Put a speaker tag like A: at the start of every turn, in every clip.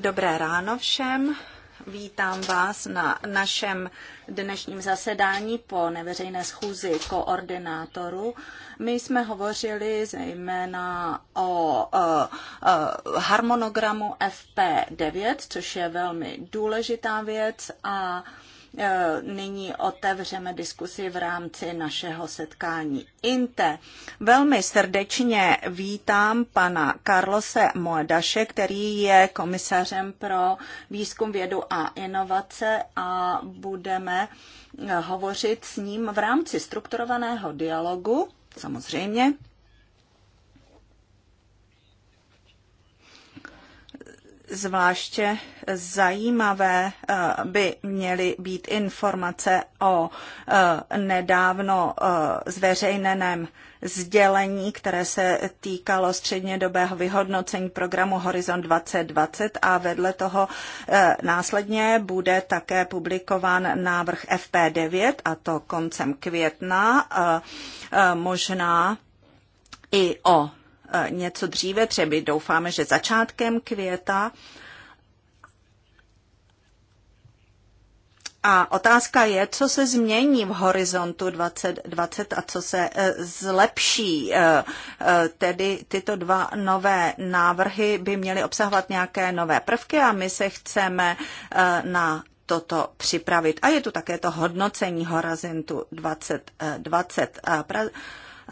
A: Dobré ráno všem. Vítám vás na našem dnešním zasedání po neveřejné schůzi koordinátorů. My jsme hovořili zejména o, harmonogramu FP9, což je velmi důležitá věc a Eh, nyní otevřeme diskusi v rámci našeho setkání. Inte, velmi srdečně vítám pana Carlose Moedaše, který je komisařem pro výzkum vědu a inovace a budeme eh, hovořit s ním v rámci strukturovaného dialogu, samozřejmě, zvláště zajímavé eh, by měly být informace o eh, nedávno eh, zveřejněném sdělení, které se týkalo střednědobého vyhodnocení programu Horizon 2020 a vedle toho následně bude také publikován návrh FP9 a to koncem května, možná i o něco dříve, třeba doufáme, že začátkem květa. A otázka je, co se změní v horizontu 2020 a co se eh, zlepší. Eh, eh, tedy tyto dva nové návrhy by měly obsahovat nějaké nové prvky a my se chceme na toto připravit. A je tu také to hodnocení horizontu 2020.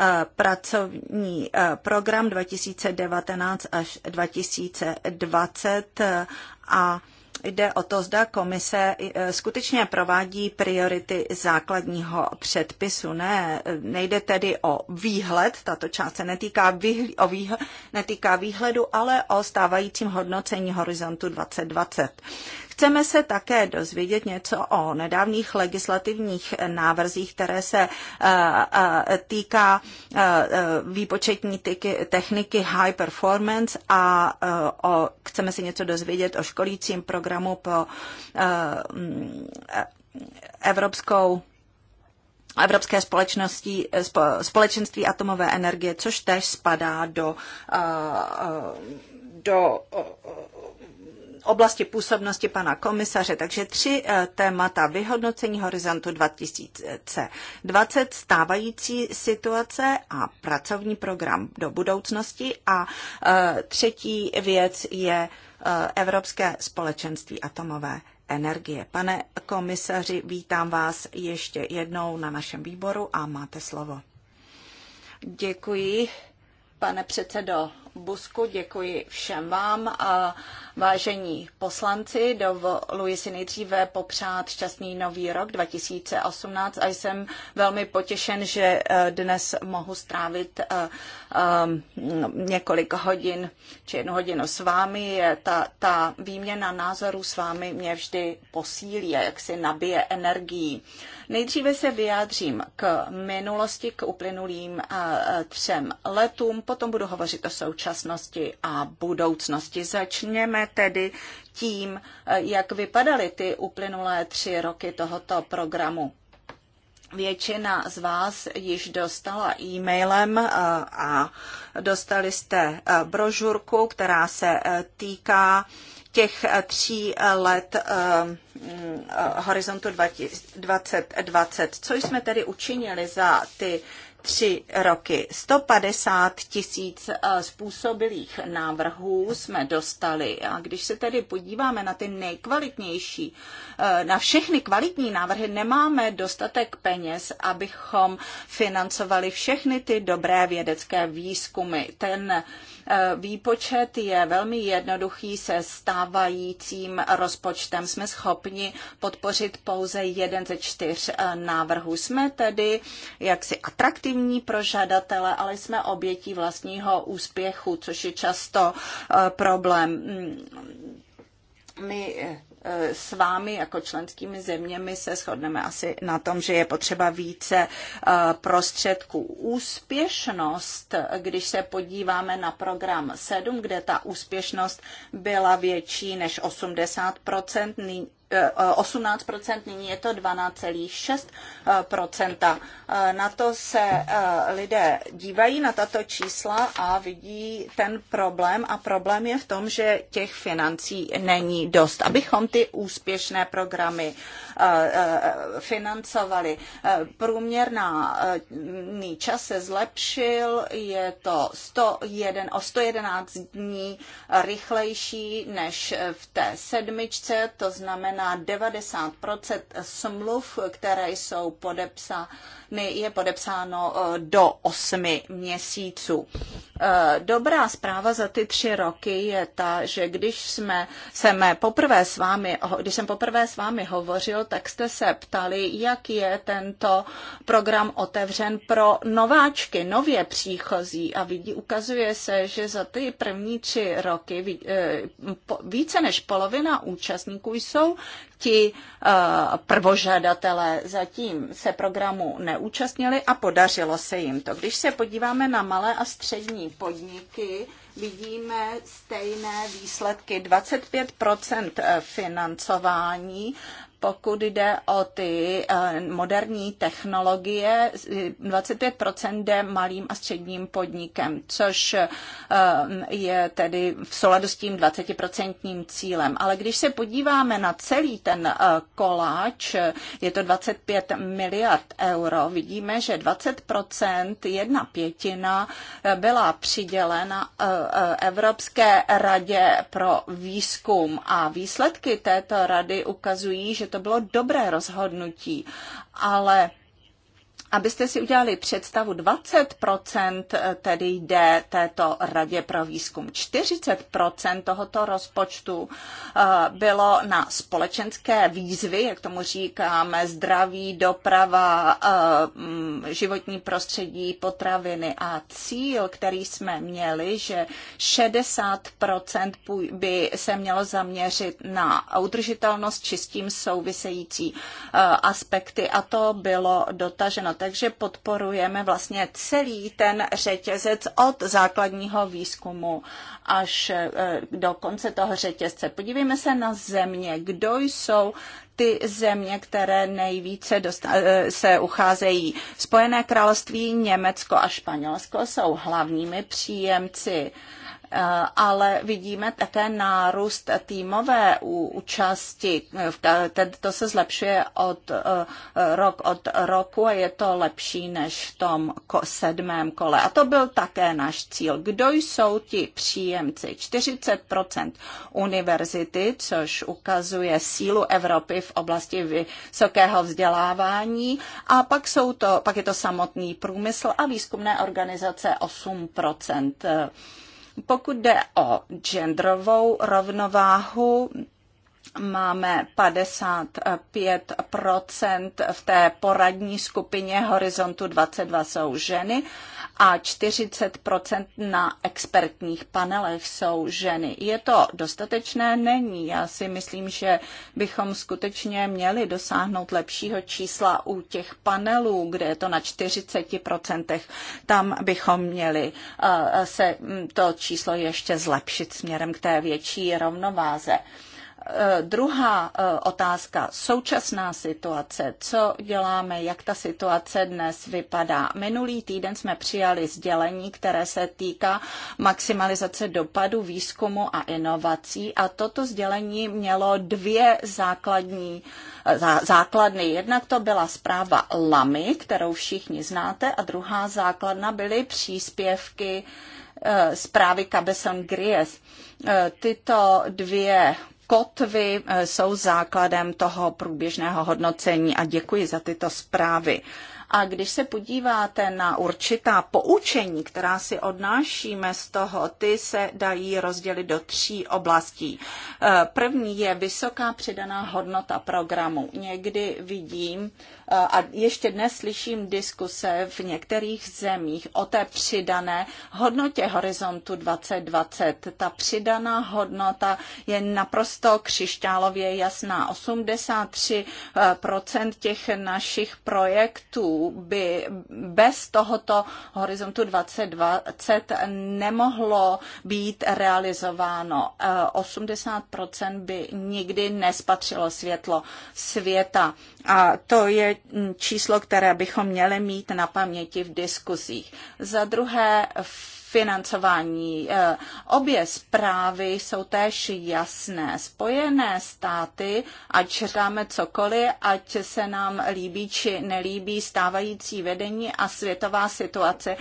A: Eh, pracovní eh, program 2019 až 2020 eh, a Jde o to, zda komise skutečně provádí priority základního předpisu. Ne, nejde tedy o výhled, tato část se netýká, výhl, o výhl, netýká výhledu, ale o stávajícím hodnocení horizontu 2020. Chceme se také dozvědět něco o nedávných legislativních návrzích, které se eh, eh, týká eh, výpočetní techniky high performance a o, chceme se něco dozvědět o školícím programu pro evropskou Evropské společnosti, společenství atomové energie, což tež spadá do, do oblasti působnosti pana komisaře. Takže tři eh, témata vyhodnocení horizontu 2020, stávající situace a pracovní program do budoucnosti. A eh, třetí věc je eh, Evropské společenství atomové energie. Pane komisaři, vítám vás ještě jednou na našem výboru a máte slovo. Děkuji, pane předsedo Busku, děkuji všem vám a vážení poslanci. Dovoluji si nejdříve popřát šťastný nový rok 2018 a jsem velmi potěšen, že eh, dnes mohu strávit eh, eh, několik hodin či jednu hodinu s vámi. Ta, ta výměna názorů s vámi mě vždy posílí a jak nabije energii. Nejdříve se vyjádřím k minulosti, k uplynulým eh, třem letům, potom budu hovořit o současnosti a budoucnosti. Začněme tedy tím, eh, jak vypadaly ty uplynulé tři roky tohoto programu. Většina z vás již dostala e-mailem eh, a dostali jste brožurku, která se týká těch eh, tří eh, let ehm, eh, horizontu 2020. Co jsme tedy učinili za ty tři roky. 150 tisíc způsobilých návrhů jsme dostali. A když se tedy podíváme na ty nejkvalitnější, na všechny kvalitní návrhy, nemáme dostatek peněz, abychom financovali všechny ty dobré vědecké výzkumy. Ten Eh, výpočet je velmi jednoduchý se stávajícím rozpočtem. Jsme schopni podpořit pouze jeden ze čtyř eh, návrhů. Jsme tedy jaksi atraktivní pro žadatele, ale jsme obětí vlastního úspěchu, což je často eh, problém. Mm, my s vámi jako členskými zeměmi se shodneme asi na tom, že je potřeba více eh, prostředků. Úspěšnost, když se podíváme na program 7, kde ta úspěšnost byla větší než 80%, 18 nyní je to 12,6 Na to se eh, lidé dívají na tato čísla a vidí ten problém a problém je v tom, že těch financí není dost. Abychom ty úspěšné programy eh, eh, financovali. Průměrná čas se zlepšil, je to 101, o 111 dní rychlejší než v té sedmičce, to znamená, na 90 smluv, které jsou podepsány, je podepsáno eh, do 8 měsíců. Eh, dobrá zpráva za ty tři roky je ta, že když jsme, jsme poprvé s vámi, když jsem poprvé s vámi hovořil, tak jste se ptali, jak je tento program otevřen pro nováčky, nově příchozí a vidí, ukazuje se, že za ty první tři roky eh, více než polovina účastníků jsou ti eh, prvožadatelé zatím se programu neúčastnili a podařilo se jim to. Když se podíváme na malé a střední podniky, vidíme stejné výsledky. 25 eh, financování pokud jde o ty eh, moderní technologie, 25% jde malým a středním podnikem, což eh, je tedy v souladu s tím 20% cílem. Ale když se podíváme na celý ten eh, koláč, je to 25 miliard euro, vidíme, že 20%, jedna pětina, byla přidělena Evropské radě pro výzkum a výsledky této rady ukazují, že to bylo dobré rozhodnutí, ale abyste si udělali představu, 20% eh, tedy jde této radě pro výzkum. 40% tohoto rozpočtu eh, bylo na společenské výzvy, jak tomu říkáme, zdraví, doprava, eh, mm, životní prostředí, potraviny a cíl, který jsme měli, že 60% by se mělo zaměřit na udržitelnost tím související aspekty a to bylo dotaženo takže podporujeme vlastně celý ten řetězec od základního výzkumu až eh, do konce toho řetězce. Podívejme se na země, kdo jsou ty země, které nejvíce eh, se ucházejí. Spojené království, Německo a Španělsko jsou hlavními příjemci uh, Eh, ale vidíme také nárůst týmové účasti. Eh, to se zlepšuje od eh, rok od roku a je to lepší než v tom sedmém kole. A to byl také náš cíl. Kdo jsou ti příjemci? 40% univerzity, což ukazuje sílu Evropy v oblasti vysokého vzdělávání a pak, jsou to, pak je to samotný průmysl a výzkumné organizace 8%. Pokud jde o genderovou rovnováhu, máme 55 v té poradní skupině Horizontu 22 jsou ženy a 40 na expertních panelech jsou ženy. Je to dostatečné? Není. Já si myslím, že bychom skutečně měli dosáhnout lepšího čísla u těch panelů, kde je to na 40 Tam bychom měli eh, se mm, to číslo ještě zlepšit směrem k té větší rovnováze. Eh, druhá eh, otázka, současná situace. Co děláme, jak ta situace dnes vypadá? Minulý týden jsme přijali sdělení, které se týká maximalizace dopadu výzkumu a inovací a toto sdělení mělo dvě základní eh, základny. Jednak to byla zpráva LAMY, kterou všichni znáte, a druhá základna byly příspěvky zprávy Cabeson Gries. Tyto dvě kotvy eh, jsou základem toho průběžného hodnocení a děkuji za tyto zprávy. A když se podíváte na určitá poučení, která si odnášíme z toho, ty se dají rozdělit do tří oblastí. E, první je vysoká přidaná hodnota programu. Někdy vidím e, a ještě dnes slyším diskuse v některých zemích o té přidané hodnotě horizontu 2020. Ta přidaná hodnota je naprosto křišťálově jasná. 83% e, těch našich projektů by bez tohoto horizontu 2020 nemohlo být realizováno. 80% eh, by nikdy nespatřilo světlo světa. A to je mm, číslo, které bychom měli mít na paměti v diskuzích. Za druhé, v financování. E, obě zprávy jsou též jasné. Spojené státy, ať říkáme cokoliv, ať se nám líbí či nelíbí stávající vedení a světová situace, e,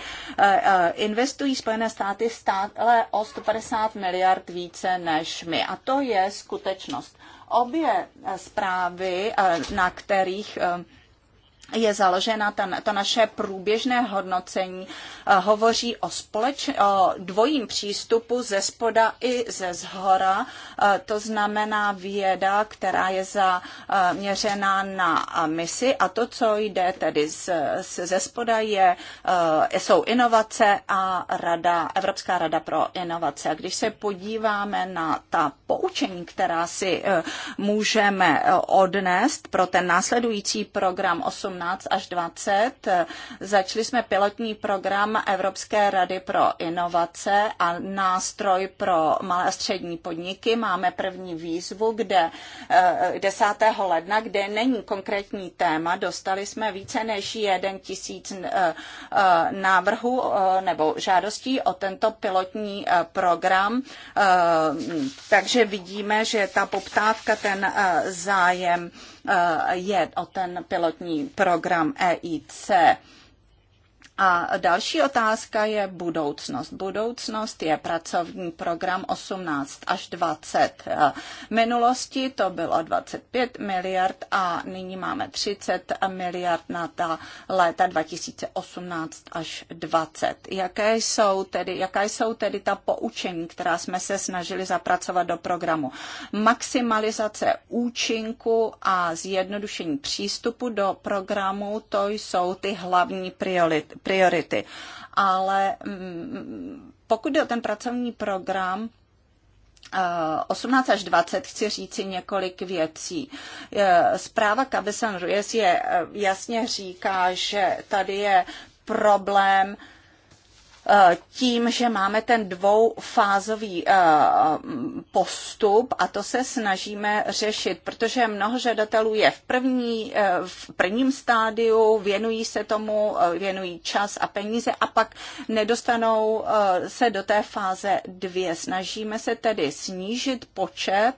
A: e, investují Spojené státy stále o 150 miliard více než my. A to je skutečnost. Obě zprávy, na kterých je založena ta, to naše průběžné hodnocení, eh, hovoří o, společ, o dvojím přístupu ze spoda i ze zhora. Eh, to znamená věda, která je zaměřená eh, na misi a to, co jde tedy z, z, ze spoda, je, jsou inovace a rada, Evropská rada pro inovace. A když se podíváme na ta poučení, která si můžeme odnést pro ten následující program 18, 18 až 20. Začali jsme pilotní program Evropské rady pro inovace a nástroj pro malé a střední podniky. Máme první výzvu, kde 10. Eh, ledna, kde není konkrétní téma, dostali jsme více než jeden tisíc eh, eh, návrhů nebo žádostí o tento pilotní program. Takže vidíme, že ta poptávka, ten zájem Eh, je o ten pilotní program EIC a další otázka je budoucnost. Budoucnost je pracovní program 18 až 20. V minulosti to bylo 25 miliard a nyní máme 30 miliard na ta léta 2018 až 20. Jaké jsou tedy, jaká jsou tedy ta poučení, která jsme se snažili zapracovat do programu? Maximalizace účinku a zjednodušení přístupu do programu, to jsou ty hlavní priority priority. Ale mm, pokud jde o ten pracovní program, 18 eh, až 20 chci říci několik věcí. Zpráva Cabezan Ruiz je eh, jasně říká, že tady je problém uh, tím, že máme ten dvoufázový eh, postup a to se snažíme řešit, protože mnoho žadatelů je v, první, eh, v prvním stádiu, věnují se tomu, eh, věnují čas a peníze a pak nedostanou se do té fáze dvě. Snažíme se tedy snížit počet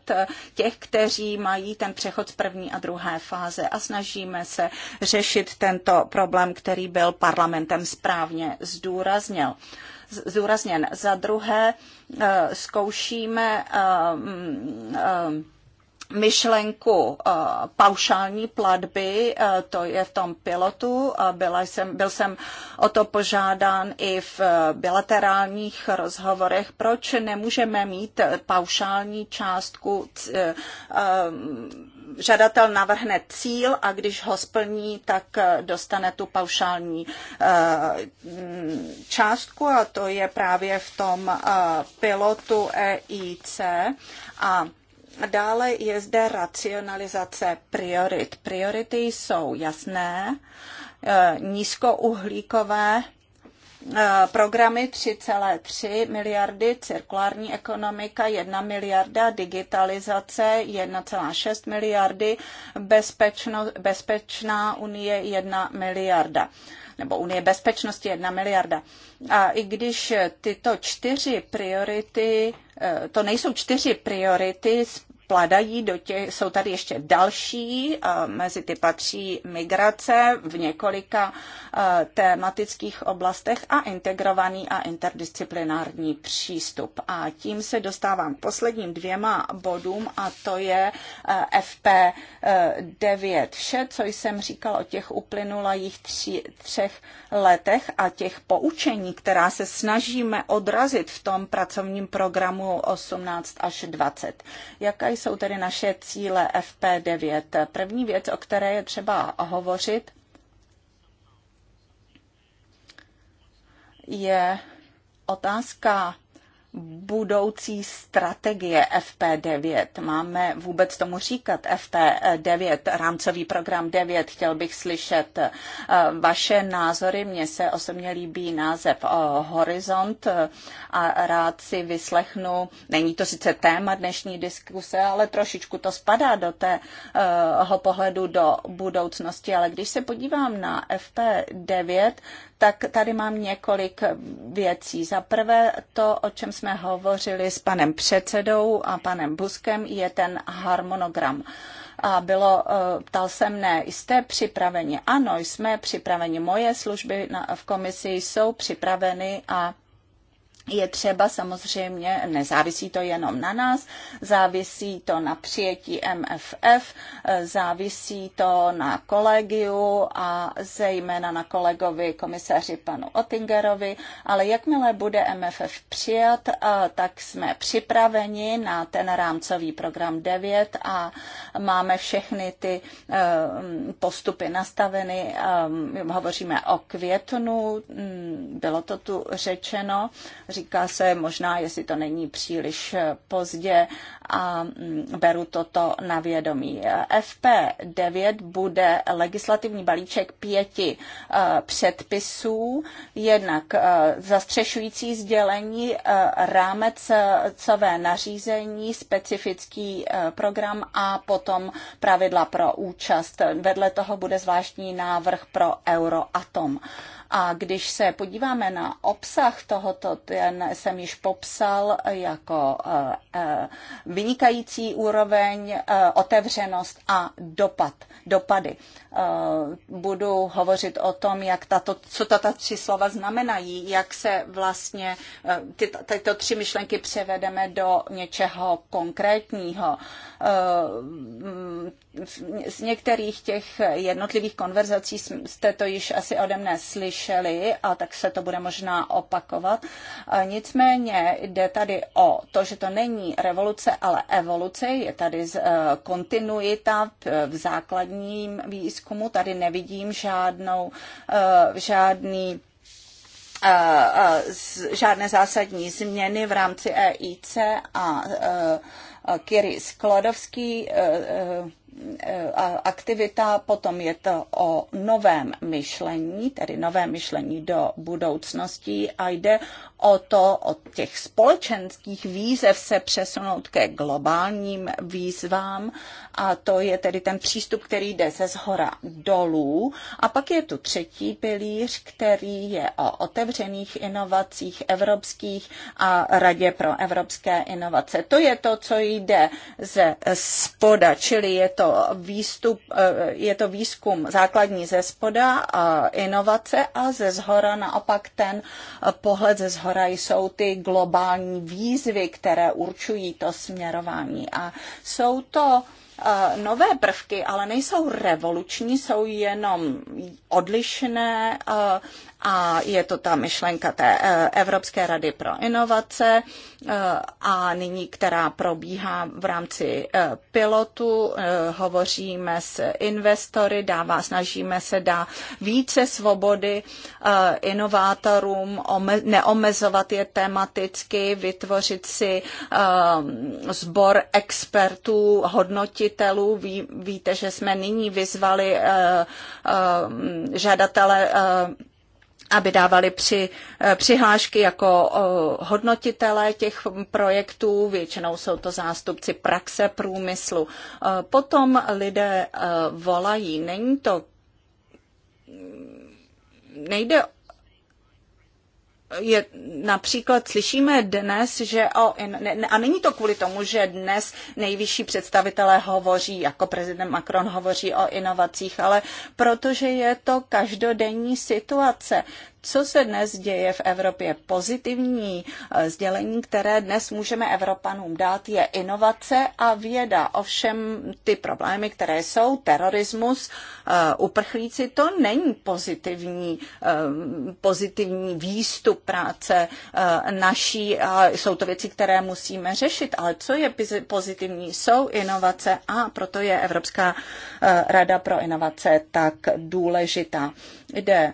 A: těch, kteří mají ten přechod z první a druhé fáze a snažíme se řešit tento problém, který byl parlamentem správně zdůraznil zdůrazněn. Za druhé eh, zkoušíme eh, mm, eh, myšlenku paušální platby, to je v tom pilotu. Byla jsem, byl jsem o to požádán i v bilaterálních rozhovorech, proč nemůžeme mít paušální částku žadatel navrhne cíl a když ho splní, tak eh, dostane tu paušální eh, částku a to je právě v tom eh, pilotu EIC a Dále je zde racionalizace priorit. Priority jsou jasné, nízkouhlíkové Eh, programy 3,3 miliardy, cirkulární ekonomika 1 miliarda, digitalizace 1,6 miliardy, bezpečno, bezpečná unie 1 miliarda nebo Unie bezpečnosti 1 miliarda. A i když tyto čtyři priority, eh, to nejsou čtyři priority z vkládají do těch, jsou tady ještě další, mezi ty patří migrace v několika tematických oblastech a integrovaný a interdisciplinární přístup. A tím se dostávám k posledním dvěma bodům a to je e, FP9. E, Vše, co jsem říkal o těch uplynulých tři, třech letech a těch poučení, která se snažíme odrazit v tom pracovním programu 18 až 20. Jaká jsou tedy naše cíle FP9. První věc, o které je třeba hovořit, je otázka budoucí strategie FP9. Máme vůbec tomu říkat FP9, rámcový program 9. Chtěl bych slyšet eh, vaše názory. Mně se osobně líbí název eh, Horizont eh, a rád si vyslechnu, není to sice téma dnešní diskuse, ale trošičku to spadá do tého pohledu do budoucnosti. Ale když se podívám na FP9, tak tady mám několik věcí. Za prvé to, o čem jsme hovořili s panem předsedou a panem Buskem, je ten harmonogram a bylo, e, ptal se mne, jste připraveni? Ano, jsme připraveni. Moje služby na, v komisi jsou připraveny a je třeba samozřejmě, nezávisí to jenom na nás, závisí to na přijetí MFF, závisí to na kolegiu a zejména na kolegovi komisaři panu Ottingerovi, ale jakmile bude MFF přijat, eh, tak jsme připraveni na ten rámcový program 9 a máme všechny ty eh, postupy nastaveny. Eh, hovoříme o květnu, mm, bylo to tu řečeno, Říká se možná, jestli to není příliš eh, pozdě a mm, beru toto na vědomí. FP9 bude legislativní balíček pěti eh, předpisů, jednak eh, zastřešující sdělení, rámecové nařízení, specifický program a potom pravidla pro účast. Vedle toho bude zvláštní návrh pro Euroatom. A když se podíváme na obsah tohoto, ten jsem již popsal jako eh, eh, vynikající úroveň, eh, otevřenost a dopad, dopady. Eh, budu hovořit o tom, jak tato, co tato tři slova znamenají, jak se vlastně eh, ty, tyto tři myšlenky převedeme do něčeho konkrétního. Eh, z některých těch jednotlivých konverzací jste to již asi ode mne slyšeli a tak se to bude možná opakovat. Nicméně jde tady o to, že to není revoluce, ale evoluce. Je tady kontinuita v základním výzkumu výzkumu. Tady nevidím žádnou, eh, žádný eh, eh, žádné zásadní změny v rámci EIC a Kiri Sklodovský E, aktivita, potom je to o novém myšlení, tedy nové myšlení do budoucnosti a jde o to, od těch společenských výzev se přesunout ke globálním výzvám a to je tedy ten přístup, který jde ze zhora dolů. A pak je tu třetí pilíř, který je o otevřených inovacích evropských a Radě pro evropské inovace. To je to, co jde ze spoda, čili je to to, výstup, eh, je to výzkum základní ze spoda a eh, inovace a ze zhora naopak ten eh, pohled ze zhora jsou ty globální výzvy, které určují to směrování. A jsou to nové prvky, ale nejsou revoluční, jsou jenom odlišné a je to ta myšlenka té eh, Evropské rady pro inovace eh, a nyní, která probíhá v rámci eh, pilotu. Hovoříme s investory, dává, snažíme se dát více svobody inovátorům, neomezovat je tematicky, vytvořit si sbor expertů, hodnotitelů. Ví, víte, že jsme nyní vyzvali žadatele aby dávali při, eh, přihlášky jako hodnotitelé těch projektů, většinou jsou to zástupci praxe průmyslu. Eh, potom lidé eh, volají, není to nejde je, například slyšíme dnes, že o, a není to kvůli tomu, že dnes nejvyšší představitelé hovoří, jako prezident Macron hovoří o inovacích, ale protože je to každodenní situace co se dnes děje v Evropě. Pozitivní eh, sdělení, které dnes můžeme Evropanům dát, je inovace a věda. Ovšem ty problémy, které jsou, terorismus, eh, uprchlíci, to není pozitivní, eh, pozitivní výstup práce naší. A jsou to věci, které musíme řešit, ale co je pozitivní, jsou inovace a proto je Evropská rada pro inovace tak důležitá. Jde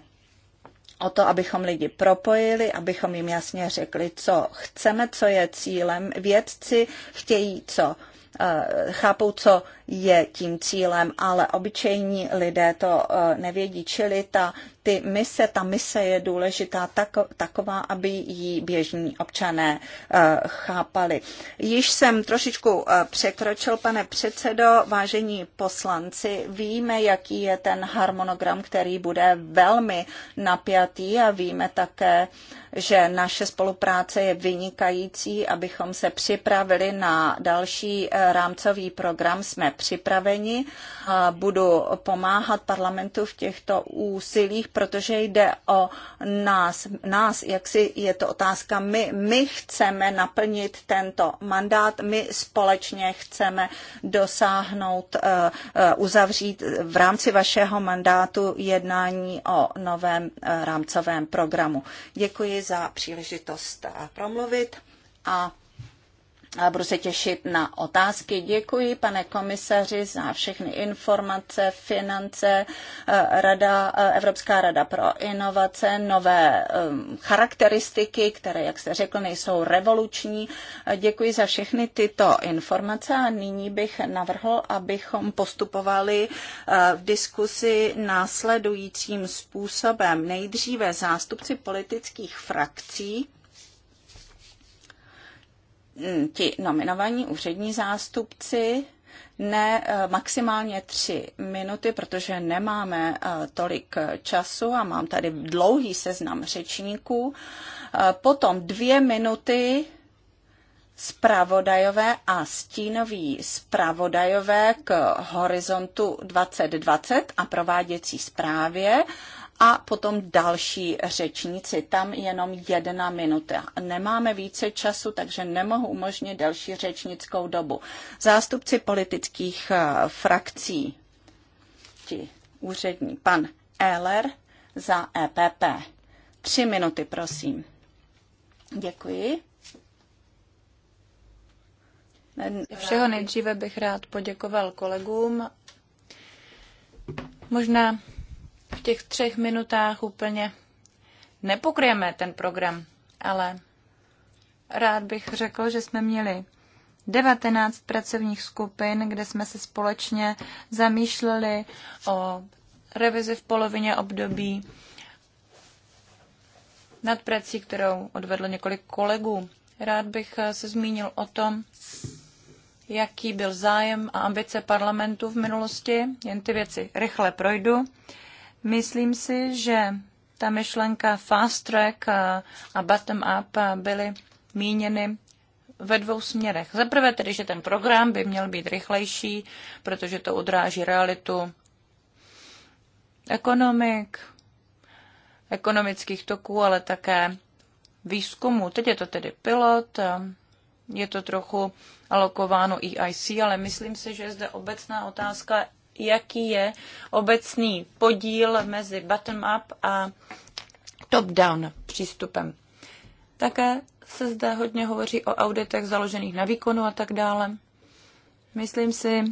A: o to, abychom lidi propojili, abychom jim jasně řekli, co chceme, co je cílem. Vědci chtějí co eh, chápou, co je tím cílem, ale obyčejní lidé to eh, nevědí, čili ta, ty mise, ta mise je důležitá tak, taková, aby ji běžní občané eh, chápali. Již jsem trošičku eh, překročil, pane předsedo, vážení poslanci, víme, jaký je ten harmonogram, který bude velmi napjatý a víme také, že naše spolupráce je vynikající, abychom se připravili na další rámcový program. Jsme připraveni a budu pomáhat parlamentu v těchto úsilích, protože jde o nás. Nás, jak si je to otázka, my, my chceme naplnit tento mandát, my společně chceme dosáhnout, eh, eh, uzavřít v rámci vašeho mandátu jednání o novém eh, rámcovém programu. Děkuji za příležitost promluvit a a budu se těšit na otázky. Děkuji, pane komisaři, za všechny informace, finance, eh, rada, eh, Evropská rada pro inovace, nové eh, charakteristiky, které, jak jste řekl, nejsou revoluční. Děkuji za všechny tyto informace a nyní bych navrhl, abychom postupovali v diskusi následujícím způsobem. Nejdříve zástupci politických frakcí, Mm, ti nominovaní úřední zástupci ne eh, maximálně tři minuty, protože nemáme eh, tolik času a mám tady dlouhý seznam řečníků. Eh, potom dvě minuty spravodajové a stínový spravodajové k horizontu 2020 a prováděcí zprávě a potom další řečníci. Tam jenom jedna minuta. Nemáme více času, takže nemohu umožnit další řečnickou dobu. Zástupci politických eh, frakcí, ti úřední, pan Eller za EPP. Tři minuty, prosím.
B: Děkuji. Všeho nejdříve bych rád poděkoval kolegům. Možná v těch třech minutách úplně nepokryjeme ten program, ale rád bych řekl, že jsme měli 19 pracovních skupin, kde jsme se společně zamýšleli o revizi v polovině období nad prací, kterou odvedlo několik kolegů. Rád bych eh, se zmínil o tom, jaký byl zájem a ambice parlamentu v minulosti. Jen ty věci rychle projdu. Myslím si, že ta myšlenka fast track eh, a bottom up eh, byly míněny ve dvou směrech. Za prvé tedy, že ten program by měl být rychlejší, protože to odráží realitu ekonomik, ekonomických toků, ale také výzkumu. Teď je to tedy pilot, eh, je to trochu alokováno EIC, ale myslím si, že je zde obecná otázka jaký je obecný podíl mezi bottom-up a top-down přístupem. Také se zde hodně hovoří o auditech založených na výkonu a tak dále. Myslím si,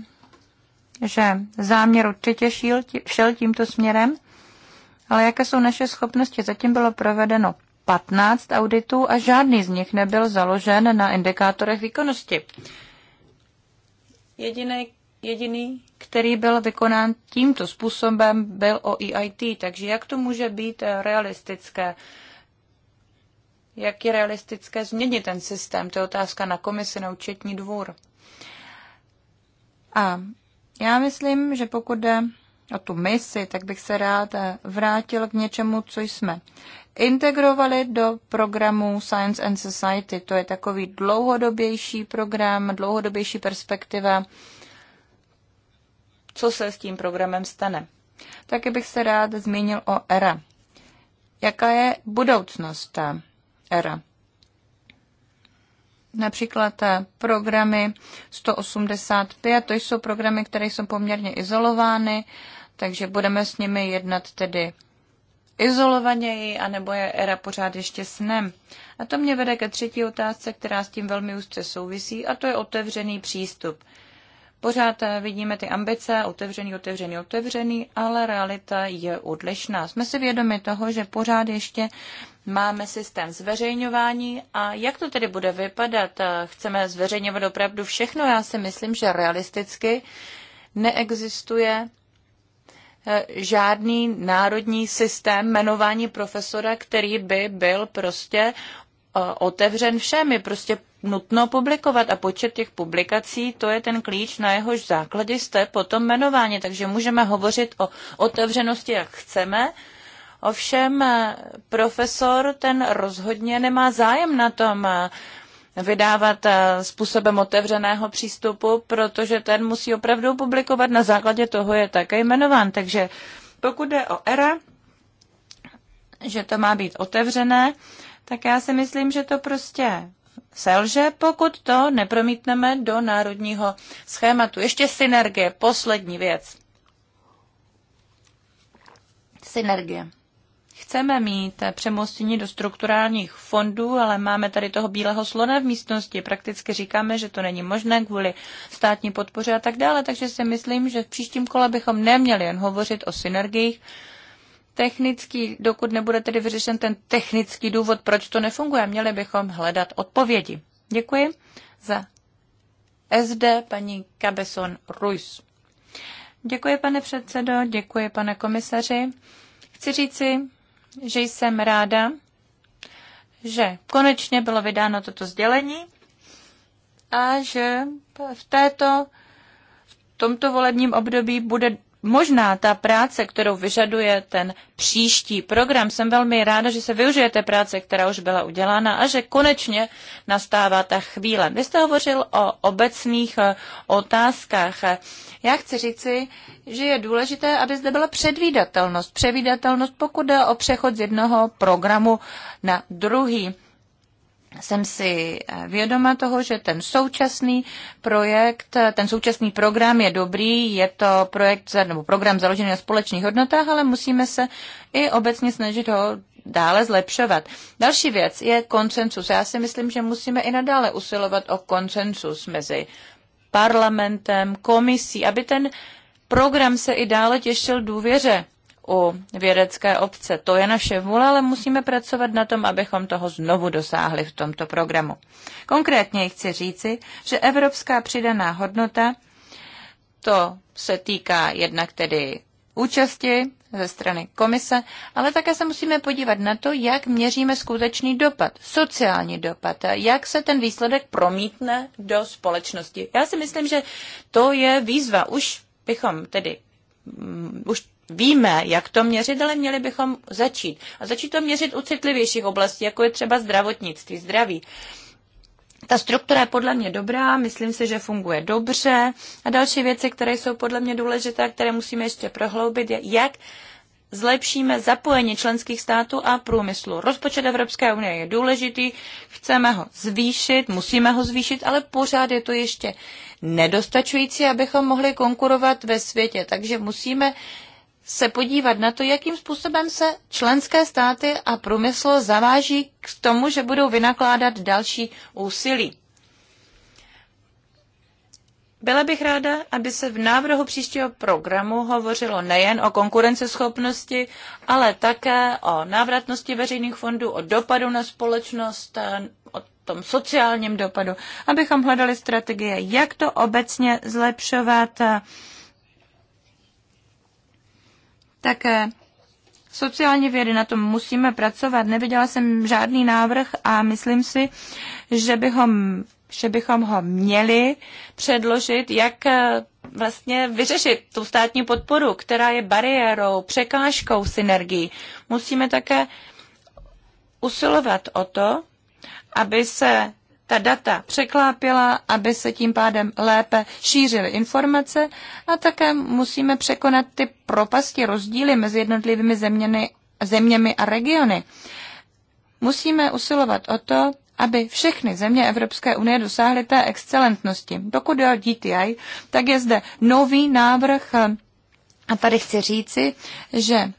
B: že záměr určitě šel tímto směrem, ale jaké jsou naše schopnosti? Zatím bylo provedeno 15 auditů a žádný z nich nebyl založen na indikátorech výkonnosti. Jediný Jediný, který byl vykonán tímto způsobem, byl EIT. Takže jak to může být realistické? Jak je realistické změnit ten systém? To je otázka na komisi, na účetní dvůr. A já myslím, že pokud jde o tu misi, tak bych se rád vrátil k něčemu, co jsme integrovali do programu Science and Society. To je takový dlouhodobější program, dlouhodobější perspektiva co se s tím programem stane. Taky bych se rád zmínil o ERA. Jaká je budoucnost ERA? Například programy 185, to jsou programy, které jsou poměrně izolovány, takže budeme s nimi jednat tedy izolovaněji, anebo je era pořád ještě snem. A to mě vede ke třetí otázce, která s tím velmi úzce souvisí, a to je otevřený přístup. Pořád eh, vidíme ty ambice, otevřený, otevřený, otevřený, ale realita je odlišná. Jsme si vědomi toho, že pořád ještě máme systém zveřejňování a jak to tedy bude vypadat? Eh, chceme zveřejňovat opravdu všechno? Já si myslím, že realisticky neexistuje eh, žádný národní systém jmenování profesora, který by byl prostě Eh, otevřen všem, je prostě nutno publikovat a počet těch publikací, to je ten klíč, na jehož základě jste potom jmenováni. Takže můžeme hovořit o otevřenosti, jak chceme, ovšem eh, profesor ten rozhodně nemá zájem na tom eh, vydávat způsobem otevřeného přístupu, protože ten musí opravdu publikovat, na základě toho je také jmenován. Takže pokud jde o ERA, že to má být otevřené, tak já si myslím, že to prostě selže, pokud to nepromítneme do národního schématu. Ještě synergie, poslední věc. Synergie. Chceme mít přemostění do strukturálních fondů, ale máme tady toho bílého slona v místnosti. Prakticky říkáme, že to není možné kvůli státní podpoře a tak dále, takže si myslím, že v příštím kole bychom neměli jen hovořit o synergiích, technický, dokud nebude tedy vyřešen ten technický důvod, proč to nefunguje. Měli bychom hledat odpovědi. Děkuji za SD paní Cabeson Ruiz. Děkuji, pane předsedo, děkuji, pane komisaři. Chci říci, že jsem ráda, že konečně bylo vydáno toto sdělení a že v této v tomto volebním období bude možná ta práce, kterou vyžaduje ten příští program. Jsem velmi ráda, že se využije té práce, která už byla udělána a že konečně nastává ta chvíle. Vy jste hovořil o obecných eh, otázkách. Já chci říci, že je důležité, aby zde byla předvídatelnost. Předvídatelnost, pokud jde o přechod z jednoho programu na druhý jsem si eh, vědoma toho, že ten současný projekt, eh, ten současný program je dobrý, je to projekt nebo program založený na společných hodnotách, ale musíme se i obecně snažit ho dále zlepšovat. Další věc je koncensus. Já si myslím, že musíme i nadále usilovat o koncensus mezi parlamentem, komisí, aby ten program se i dále těšil důvěře u vědecké obce. To je naše vůle, ale musíme pracovat na tom, abychom toho znovu dosáhli v tomto programu. Konkrétně chci říci, že evropská přidaná hodnota, to se týká jednak tedy účasti ze strany komise, ale také se musíme podívat na to, jak měříme skutečný dopad, sociální dopad, a jak se ten výsledek promítne do společnosti. Já si myslím, že to je výzva. Už bychom tedy, mm, už víme, jak to měřit, ale měli bychom začít. A začít to měřit u citlivějších oblastí, jako je třeba zdravotnictví, zdraví. Ta struktura je podle mě dobrá, myslím si, že funguje dobře. A další věci, které jsou podle mě důležité, které musíme ještě prohloubit, je, jak zlepšíme zapojení členských států a průmyslu. Rozpočet Evropské unie je důležitý, chceme ho zvýšit, musíme ho zvýšit, ale pořád je to ještě nedostačující, abychom mohli konkurovat ve světě. Takže musíme se podívat na to, jakým způsobem se členské státy a průmysl zaváží k tomu, že budou vynakládat další úsilí. Byla bych ráda, aby se v návrhu příštího programu hovořilo nejen o konkurenceschopnosti, ale také o návratnosti veřejných fondů, o dopadu na společnost, o tom sociálním dopadu, abychom hledali strategie, jak to obecně zlepšovat také eh, sociální vědy, na tom musíme pracovat. Neviděla jsem žádný návrh a myslím si, že bychom, že bychom ho měli předložit, jak eh, vlastně vyřešit tu státní podporu, která je bariérou, překážkou synergii. Musíme také usilovat o to, aby se ta data překlápila, aby se tím pádem lépe šířily informace a také musíme překonat ty propasti, rozdíly mezi jednotlivými zeměny, zeměmi a regiony. Musíme usilovat o to, aby všechny země Evropské unie dosáhly té excelentnosti. Dokud je o DTI, tak je zde nový návrh eh, a tady chci říci, že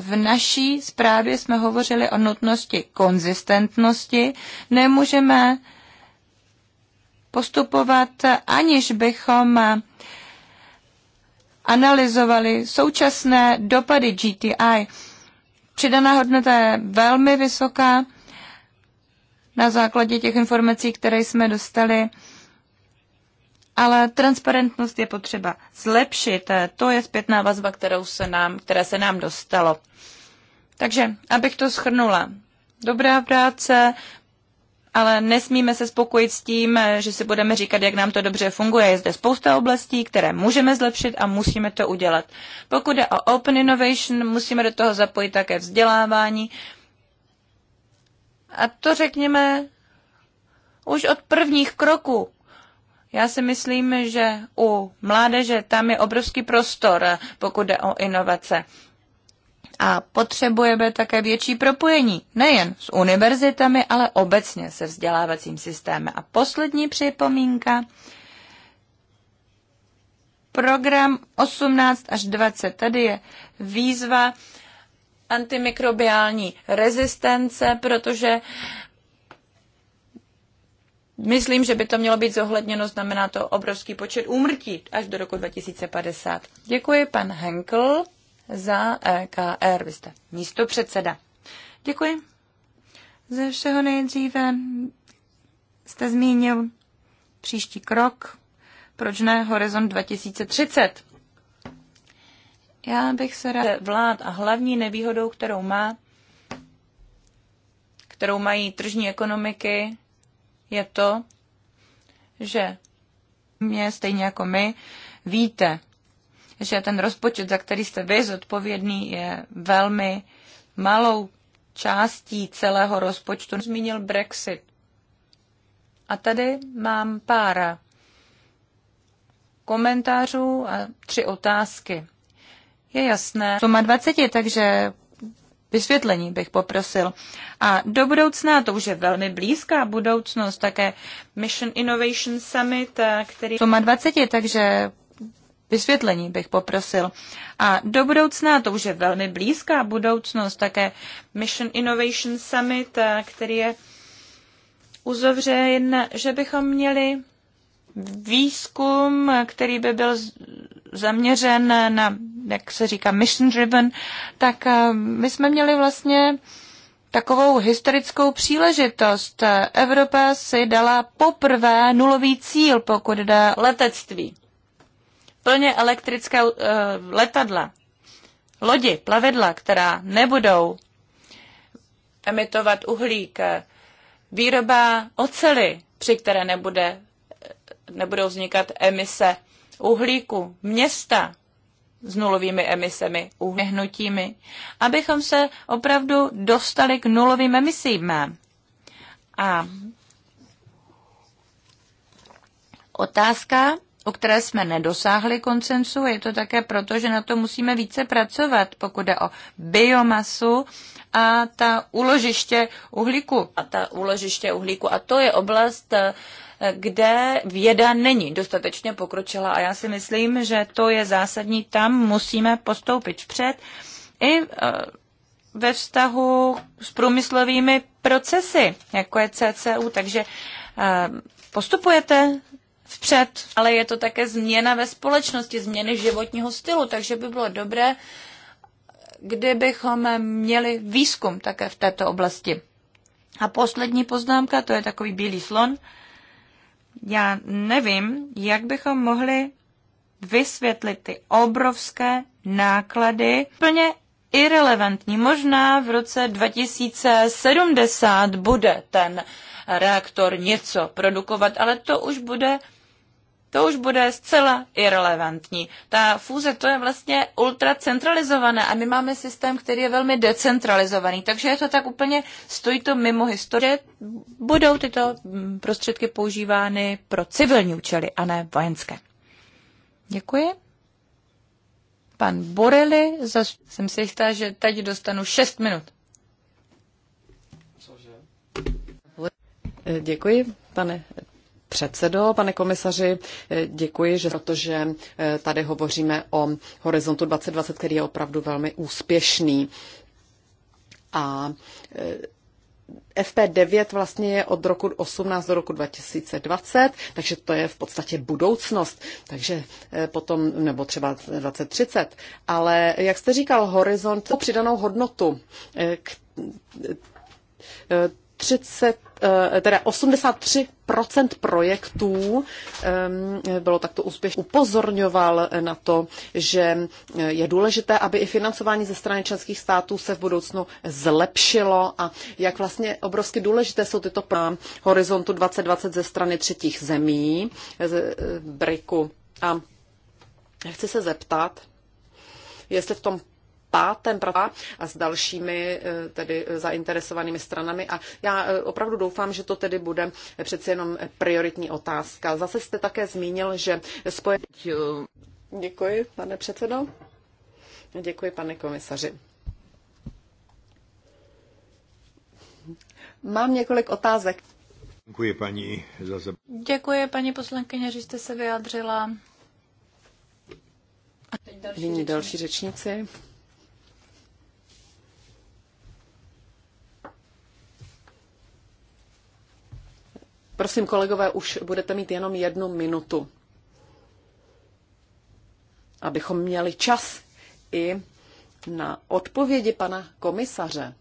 B: v naší zprávě jsme hovořili o nutnosti konzistentnosti. Nemůžeme postupovat, aniž bychom analyzovali současné dopady GTI. Přidaná hodnota je velmi vysoká na základě těch informací, které jsme dostali, ale transparentnost je potřeba zlepšit. To je zpětná vazba, kterou se nám, které se nám dostalo. Takže, abych to schrnula. Dobrá práce, ale nesmíme se spokojit s tím, že si budeme říkat, jak nám to dobře funguje. Je zde spousta oblastí, které můžeme zlepšit a musíme to udělat. Pokud je o Open Innovation, musíme do toho zapojit také vzdělávání. A to řekněme už od prvních kroků. Já si myslím, že u mládeže tam je obrovský prostor, pokud jde o inovace a potřebujeme také větší propojení, nejen s univerzitami, ale obecně se vzdělávacím systémem. A poslední připomínka, program 18 až 20, tady je výzva antimikrobiální rezistence, protože Myslím, že by to mělo být zohledněno, znamená to obrovský počet úmrtí až do roku 2050. Děkuji, pan Henkel za EKR. Vy jste místo předseda. Děkuji. Ze všeho nejdříve jste zmínil příští krok, proč ne Horizont 2030. Já bych se rád vlád a hlavní nevýhodou, kterou má, kterou mají tržní ekonomiky, je to, že mě stejně jako my víte, že ten rozpočet, za který jste vy zodpovědný, je velmi malou částí celého rozpočtu. Zmínil Brexit. A tady mám pár komentářů a tři otázky. Je jasné, to má 20, takže vysvětlení bych poprosil. A do budoucna, to už je velmi blízká budoucnost, také Mission Innovation Summit, eh, který to má 20, takže vysvětlení bych poprosil. A do budoucna, to už je velmi blízká budoucnost, také Mission Innovation Summit, eh, který je uzavřen, že bychom měli výzkum, který by byl zaměřen na, jak se říká, mission driven, tak eh, my jsme měli vlastně takovou historickou příležitost. Evropa si dala poprvé nulový cíl, pokud jde letectví plně elektrické eh, letadla, lodi, plavidla, která nebudou emitovat uhlík, eh, výroba ocely, při které nebude, eh, nebudou vznikat emise uhlíku, města s nulovými emisemi, uhnutími, abychom se opravdu dostali k nulovým emisím. A otázka o které jsme nedosáhli koncensu. Je to také proto, že na to musíme více pracovat, pokud jde o biomasu a ta úložiště uhlíku. A ta úložiště uhlíku. A to je oblast, eh, kde věda není dostatečně pokročila. A já si myslím, že to je zásadní. Tam musíme postoupit vpřed i eh, ve vztahu s průmyslovými procesy, jako je CCU. Takže eh, postupujete vpřed, ale je to také změna ve společnosti, změny životního stylu, takže by bylo dobré, kdybychom měli výzkum také v této oblasti. A poslední poznámka, to je takový bílý slon. Já nevím, jak bychom mohli vysvětlit ty obrovské náklady plně irrelevantní. Možná v roce 2070 bude ten reaktor něco produkovat, ale to už bude to už bude zcela irrelevantní. Ta fúze to je vlastně ultracentralizované a my máme systém, který je velmi decentralizovaný, takže je to tak úplně, stojí to mimo historie. Budou tyto mm, prostředky používány pro civilní účely a ne vojenské. Děkuji. Pan Borelli, zas... jsem si jistá, že teď
C: dostanu 6 minut. Cože? Děkuji, pane předsedo, pane komisaři, děkuji, že protože eh, tady hovoříme o horizontu 2020, který je opravdu velmi úspěšný. A eh, FP9 vlastně je od roku 18 do roku 2020, takže to je v podstatě budoucnost, takže eh, potom, nebo třeba 2030. Ale jak jste říkal, horizont přidanou hodnotu, k 30 Eh, teda 83% projektů bylo takto úspěšně. Upozorňoval na to, že eh, je důležité, aby i financování ze strany členských států se v budoucnu zlepšilo a jak vlastně obrovsky důležité jsou tyto plány horizontu 2020 ze strany třetích zemí, eh, z BRICu. A chci se zeptat, jestli v tom pátem a s dalšími eh, tedy eh, zainteresovanými stranami. A já eh, opravdu doufám, že to tedy bude přeci jenom prioritní otázka. Zase jste také zmínil, že spoje... Děkuji, pane předsedo. Děkuji, pane komisaři. Mám několik otázek. Děkuji paní za zep...
B: Děkuji paní poslankyně, že jste se vyjádřila. A teď další, Nyní další
C: řečníci. Prosím, kolegové, už budete mít jenom jednu minutu, abychom měli čas i na odpovědi pana komisaře.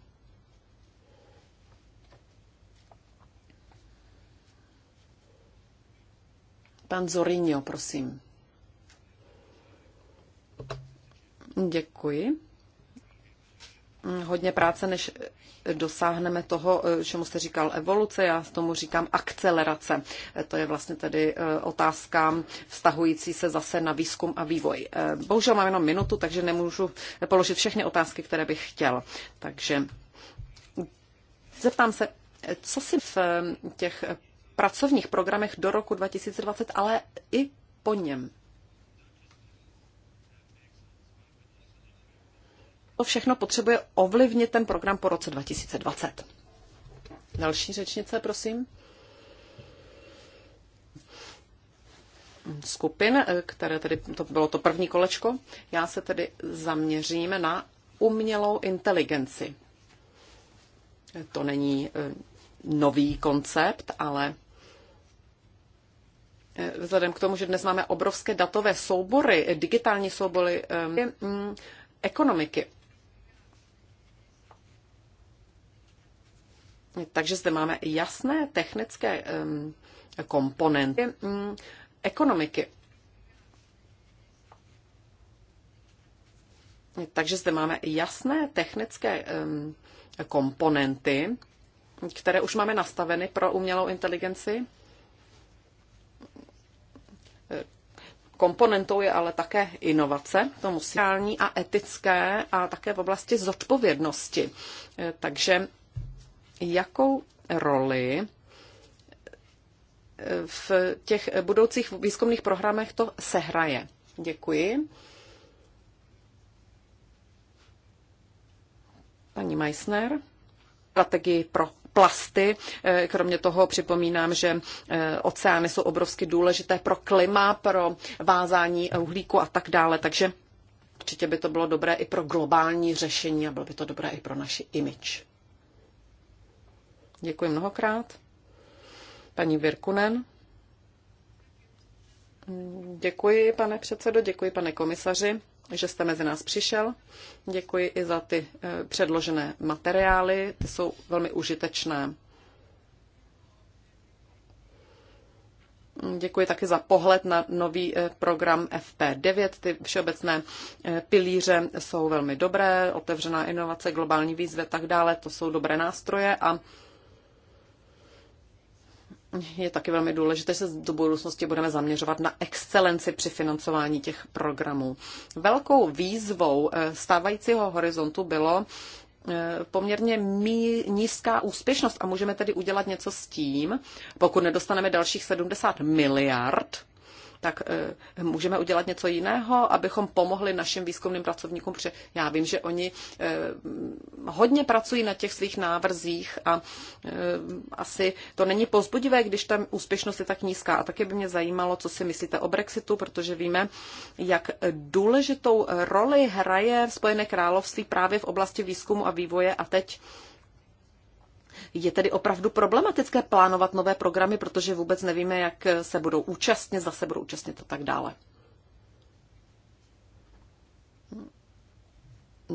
C: Pan Zorinio, prosím. Děkuji. Hodně práce, než dosáhneme toho, eh, čemu jste říkal evoluce, já tomu říkám akcelerace. Eh, to je vlastně tedy eh, otázka vztahující se zase na výzkum a vývoj. Bohužel mám jenom minutu, takže nemůžu položit všechny otázky, které bych chtěl. Takže zeptám se, co si v těch pracovních programech do roku 2020, ale i po něm to všechno potřebuje ovlivnit ten program po roce 2020. Další řečnice, prosím. skupin, eh, které tedy to bylo to první kolečko. Já se tedy zaměřím na umělou inteligenci. To není eh, nový koncept, ale eh, vzhledem k tomu, že dnes máme obrovské datové soubory, digitální soubory mm, ekonomiky, Takže zde máme jasné technické komponenty mm, ekonomiky. Takže zde máme jasné technické komponenty, které už máme nastaveny pro umělou inteligenci. Komponentou je ale také inovace, to musí a etické a také v oblasti zodpovědnosti. E, takže jakou roli v těch budoucích výzkumných programech to sehraje. Děkuji. Paní Meissner, strategii pro plasty. Kromě toho připomínám, že eh, oceány jsou obrovsky důležité pro klima, pro vázání uhlíku a tak dále, takže určitě by to bylo dobré i pro globální řešení a bylo by to dobré i pro naši image. Děkuji mnohokrát. Paní Virkunen. Děkuji, pane předsedo, děkuji, pane komisaři, že jste mezi nás přišel. Děkuji i za ty eh, předložené materiály, ty jsou velmi užitečné. Děkuji taky za pohled na nový eh, program FP9. Ty všeobecné eh, pilíře jsou velmi dobré, otevřená inovace, globální výzvy tak dále, to jsou dobré nástroje a je taky velmi důležité, že se do budoucnosti budeme zaměřovat na excelenci při financování těch programů. Velkou výzvou eh, stávajícího horizontu bylo eh, poměrně mí, nízká úspěšnost a můžeme tedy udělat něco s tím, pokud nedostaneme dalších 70 miliard, tak eh, můžeme udělat něco jiného, abychom pomohli našim výzkumným pracovníkům, protože já vím, že oni eh, hodně pracují na těch svých návrzích a eh, asi to není pozbudivé, když tam úspěšnost je tak nízká. A taky by mě zajímalo, co si myslíte o Brexitu, protože víme, jak důležitou roli hraje Spojené království právě v oblasti výzkumu a vývoje a teď je tedy opravdu problematické plánovat nové programy, protože vůbec nevíme, jak se budou účastnit, zda se budou účastnit a tak dále.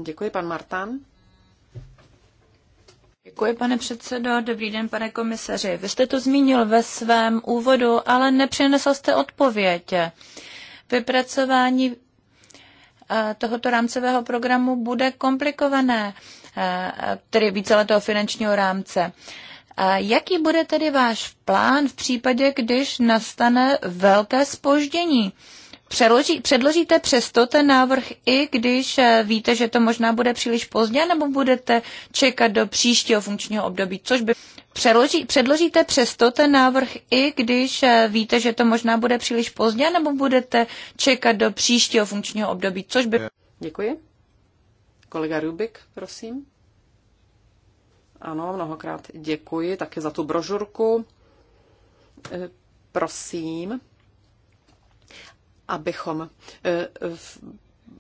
C: Děkuji, pan Martán.
B: Děkuji, pane předsedo. Dobrý den, pane komisaři. Vy jste to zmínil ve svém úvodu, ale nepřinesl jste odpověď. Vypracování eh, tohoto rámcového programu bude komplikované. Eh, tedy víceletého finančního rámce. A jaký bude tedy váš plán v případě, když nastane velké spoždění? Předloží, předložíte přesto ten návrh, i když eh, víte, že to možná bude příliš pozdě, nebo budete čekat do příštího funkčního období, což by... Předloží, předložíte přesto ten návrh, i když eh, víte, že to možná bude příliš pozdě, nebo budete čekat do příštího funkčního období, což by...
C: Děkuji. Kolega Rubik, prosím. Ano, mnohokrát děkuji také za tu brožurku. E, prosím, abychom e,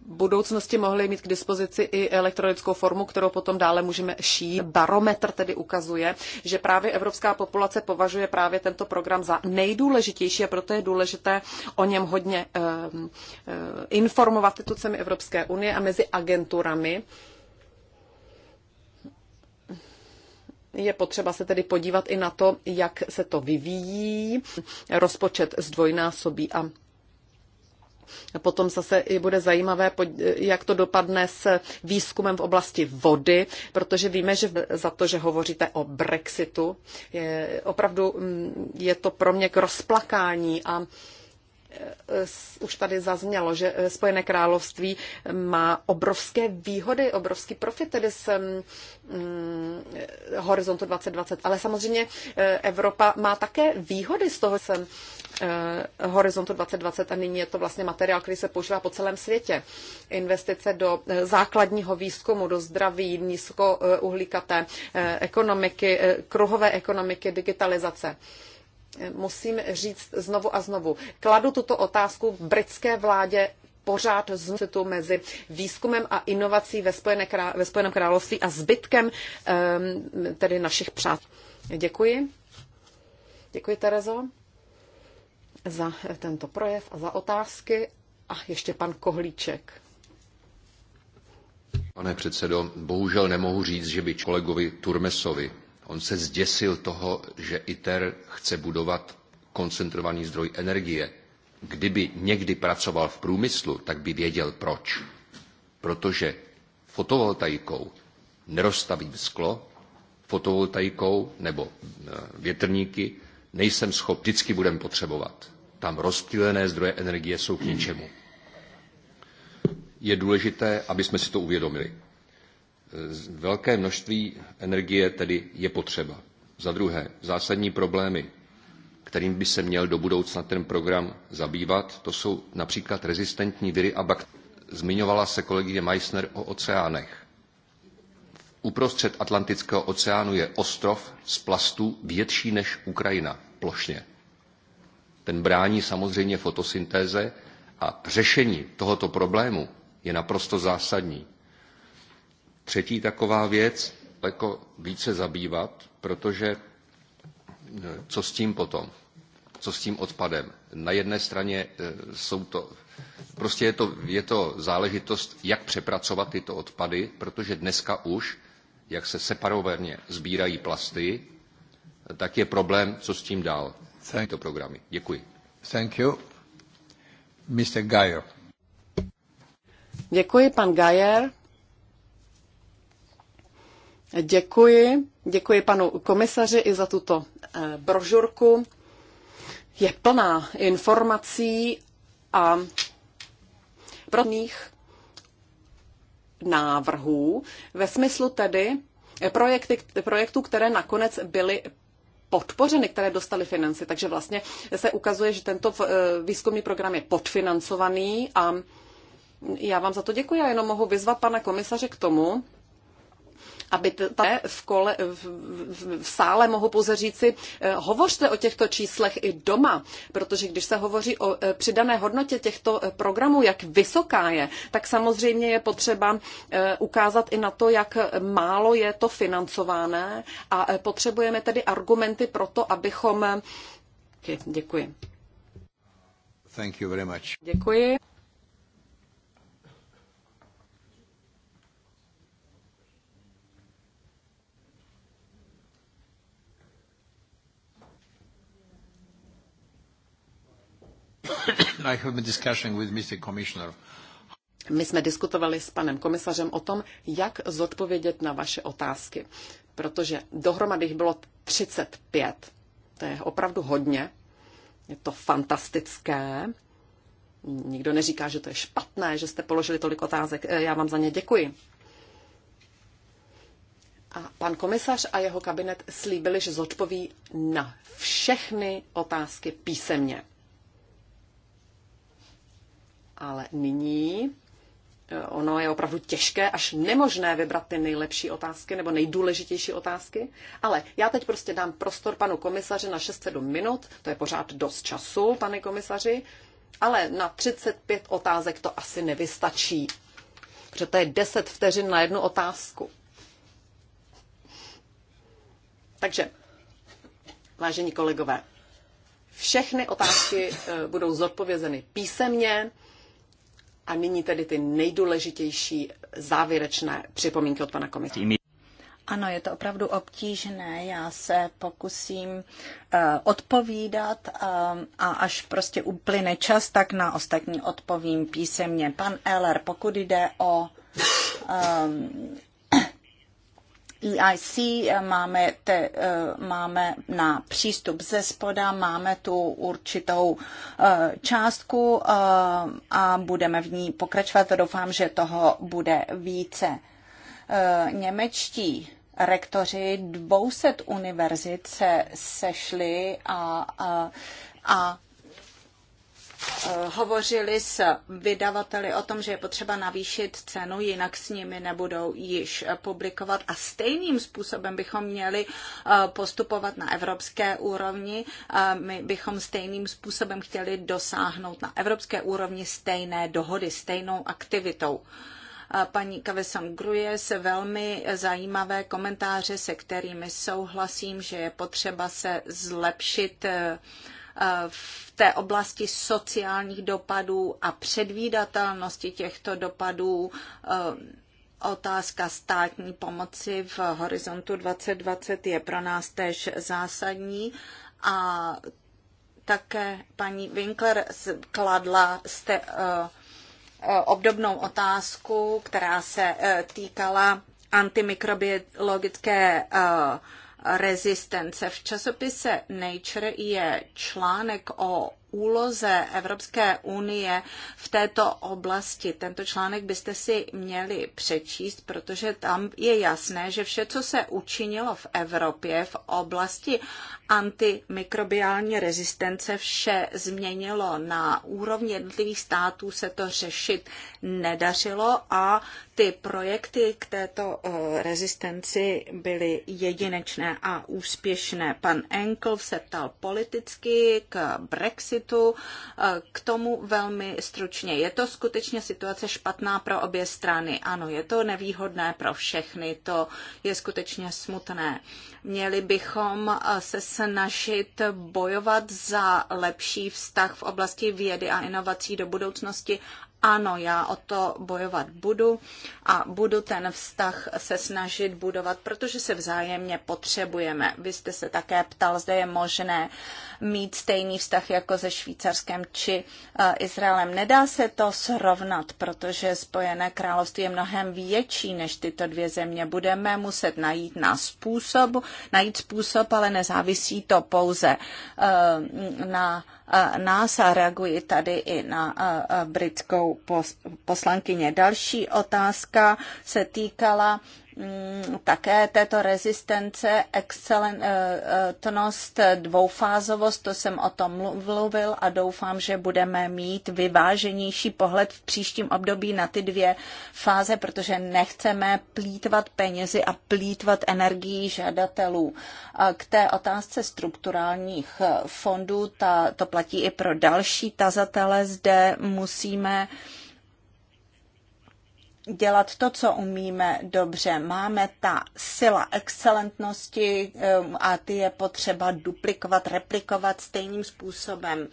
C: budoucnosti mohli mít k dispozici i elektronickou formu, kterou potom dále můžeme šít. Barometr tedy ukazuje, že právě evropská populace považuje právě tento program za nejdůležitější a proto je důležité o něm hodně eh, eh, informovat institucemi Evropské unie a mezi agenturami. Je potřeba se tedy podívat i na to, jak se to vyvíjí. Rozpočet zdvojnásobí a Potom zase bude zajímavé, jak to dopadne s výzkumem v oblasti vody, protože víme, že za to, že hovoříte o Brexitu, je, opravdu mm, je to pro mě k rozplakání a Eh, už tady zaznělo, že eh, Spojené království eh, má obrovské výhody, obrovský profit tedy z um, Horizontu 2020, ale samozřejmě Evropa má také výhody z toho sem eh, Horizontu 2020 a nyní je to vlastně materiál, který se používá po celém světě. Investice do základního výzkumu, do zdraví, nízkouhlíkaté ekonomiky, eh, kruhové ekonomiky, digitalizace musím říct znovu a znovu. Kladu tuto otázku britské vládě pořád tu mezi výzkumem a inovací ve, Spojené krá- ve Spojeném království a zbytkem um, tedy našich přátel. Děkuji. Děkuji, Terezo, za tento projev a za otázky. A ještě pan Kohlíček.
D: Pane předsedo, bohužel nemohu říct, že by kolegovi Turmesovi On se zděsil toho, že ITER chce budovat koncentrovaný zdroj energie. Kdyby někdy pracoval v průmyslu, tak by věděl proč. Protože fotovoltaikou nerostavím sklo, fotovoltaikou nebo e, větrníky nejsem schop, vždycky budeme potřebovat. Tam rozptýlené zdroje energie jsou k ničemu. Je důležité, aby jsme si to uvědomili. Velké množství energie tedy je potřeba. Za druhé, zásadní problémy, kterým by se měl do budoucna ten program zabývat, to jsou například rezistentní viry a bakterie. Zmiňovala se kolegyně Meissner o oceánech. Uprostřed Atlantického oceánu je ostrov z plastů větší než Ukrajina plošně. Ten brání samozřejmě fotosyntéze a řešení tohoto problému je naprosto zásadní. Třetí taková věc, daleko více zabývat, protože eh, co s tím potom? Co s tím odpadem? Na jedné straně eh, jsou to, prostě je to, je to záležitost, jak přepracovat tyto odpady, protože dneska už, jak se separovaně sbírají plasty, tak je problém, co s tím dál. Thank, tyto programy. Děkuji. Thank you. Mr. Gajer.
C: Děkuji, pan Gajer. Děkuji. Děkuji panu komisaři i za tuto eh, brožurku. Je plná informací a prodných návrhů ve smyslu tedy projekty, projektů, které nakonec byly podpořeny, které dostaly financi. Takže vlastně se ukazuje, že tento eh, výzkumný program je podfinancovaný a já vám za to děkuji. a jenom mohu vyzvat pana komisaře k tomu, aby t- v, kole, v, v, v sále mohu pouze říci, eh, hovořte o těchto číslech i doma, protože když se hovoří o eh, přidané hodnotě těchto eh, programů, jak vysoká je, tak samozřejmě je potřeba ukázat i na to, jak málo je to financované a potřebujeme tedy argumenty pro to, abychom. Děkuji.
D: Thank you very much.
C: Děkuji. My jsme diskutovali s panem komisařem o tom, jak zodpovědět na vaše otázky, protože dohromady jich bylo 35. To je opravdu hodně, je to fantastické. Nikdo neříká, že to je špatné, že jste položili tolik otázek. Eh, já vám za ně děkuji. A pan komisař a jeho kabinet slíbili, že zodpoví na všechny otázky písemně. Ale nyní eh, ono je opravdu těžké až nemožné vybrat ty nejlepší otázky nebo nejdůležitější otázky. Ale já teď prostě dám prostor panu komisaři na 6-7 minut, to je pořád dost času, pane komisaři, ale na 35 otázek to asi nevystačí, protože to je 10 vteřin na jednu otázku. Takže, vážení kolegové, všechny otázky eh, budou zodpovězeny písemně. A nyní tedy ty nejdůležitější závěrečné připomínky od pana Komisaře.
A: Ano, je to opravdu obtížné. Já se pokusím uh, odpovídat uh, a až prostě uplyne čas, tak na ostatní odpovím písemně. Pan Eller, pokud jde o um, EIC, máme, te, eh, máme na přístup ze spoda, máme tu určitou eh, částku eh, a budeme v ní pokračovat. Doufám, že toho bude více. Němečtí rektoři 200 univerzit se sešli a, a, a Eh, hovořili s vydavateli o tom, že je potřeba navýšit cenu, jinak s nimi nebudou již publikovat. A stejným způsobem bychom měli eh, postupovat na evropské úrovni. Eh, my bychom stejným způsobem chtěli dosáhnout na evropské úrovni stejné dohody, stejnou aktivitou paní Kavesan Gruje se velmi zajímavé komentáře, se kterými souhlasím, že je potřeba se zlepšit v té oblasti sociálních dopadů a předvídatelnosti těchto dopadů eh, Otázka státní pomoci v horizontu 2020 je pro nás též zásadní a také paní Winkler kladla jste, eh, eh, obdobnou otázku, která se týkala antimikrobiologické uh, rezistence. V časopise Nature je článek o úloze Evropské unie v této oblasti. Tento článek byste si měli přečíst, protože tam je jasné, že vše, co se učinilo v Evropě v oblasti antimikrobiální rezistence vše změnilo. Na úrovni jednotlivých států se to řešit nedařilo a ty projekty k této eh, rezistenci byly jedinečné a úspěšné. Pan Enkel se ptal politicky k Brexitu, eh, k tomu velmi stručně. Je to skutečně situace špatná pro obě strany? Ano, je to nevýhodné pro všechny, to je skutečně smutné. Měli bychom eh, se snažit bojovat za lepší vztah v oblasti vědy a inovací do budoucnosti ano, já o to bojovat budu a budu ten vztah se snažit budovat, protože se vzájemně potřebujeme. Vy jste se také ptal, zda je možné mít stejný vztah jako se Švýcarskem či eh, Izraelem. Nedá se to srovnat, protože Spojené království je mnohem větší než tyto dvě země. Budeme muset najít na způsob, najít způsob, ale nezávisí to pouze eh, na nás a reaguji tady i na britskou poslankyně. Další otázka se týkala Mm, také této rezistence, excelentnost, eh, eh, dvoufázovost, to jsem o tom mluvil a doufám, že budeme mít vyváženější pohled v příštím období na ty dvě fáze, protože nechceme plítvat penězi a plítvat energii žadatelů. K té otázce strukturálních eh, fondů, ta, to platí i pro další tazatele, zde musíme uh, dělat to, co umíme dobře. Máme ta sila excelentnosti um, a ty je potřeba duplikovat, replikovat stejným způsobem.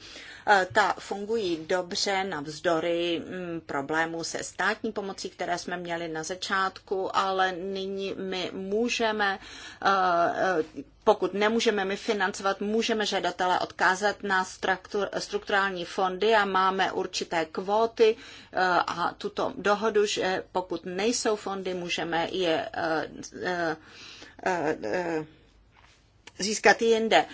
A: Eh, ta fungují dobře navzdory mm, problémů se státní pomocí, které jsme měli na začátku, ale nyní my můžeme eh, eh, pokud nemůžeme my financovat, můžeme žadatele odkázat na struktur, strukturální fondy a máme určité kvóty a tuto dohodu, že pokud nejsou fondy, můžeme je získat jinde.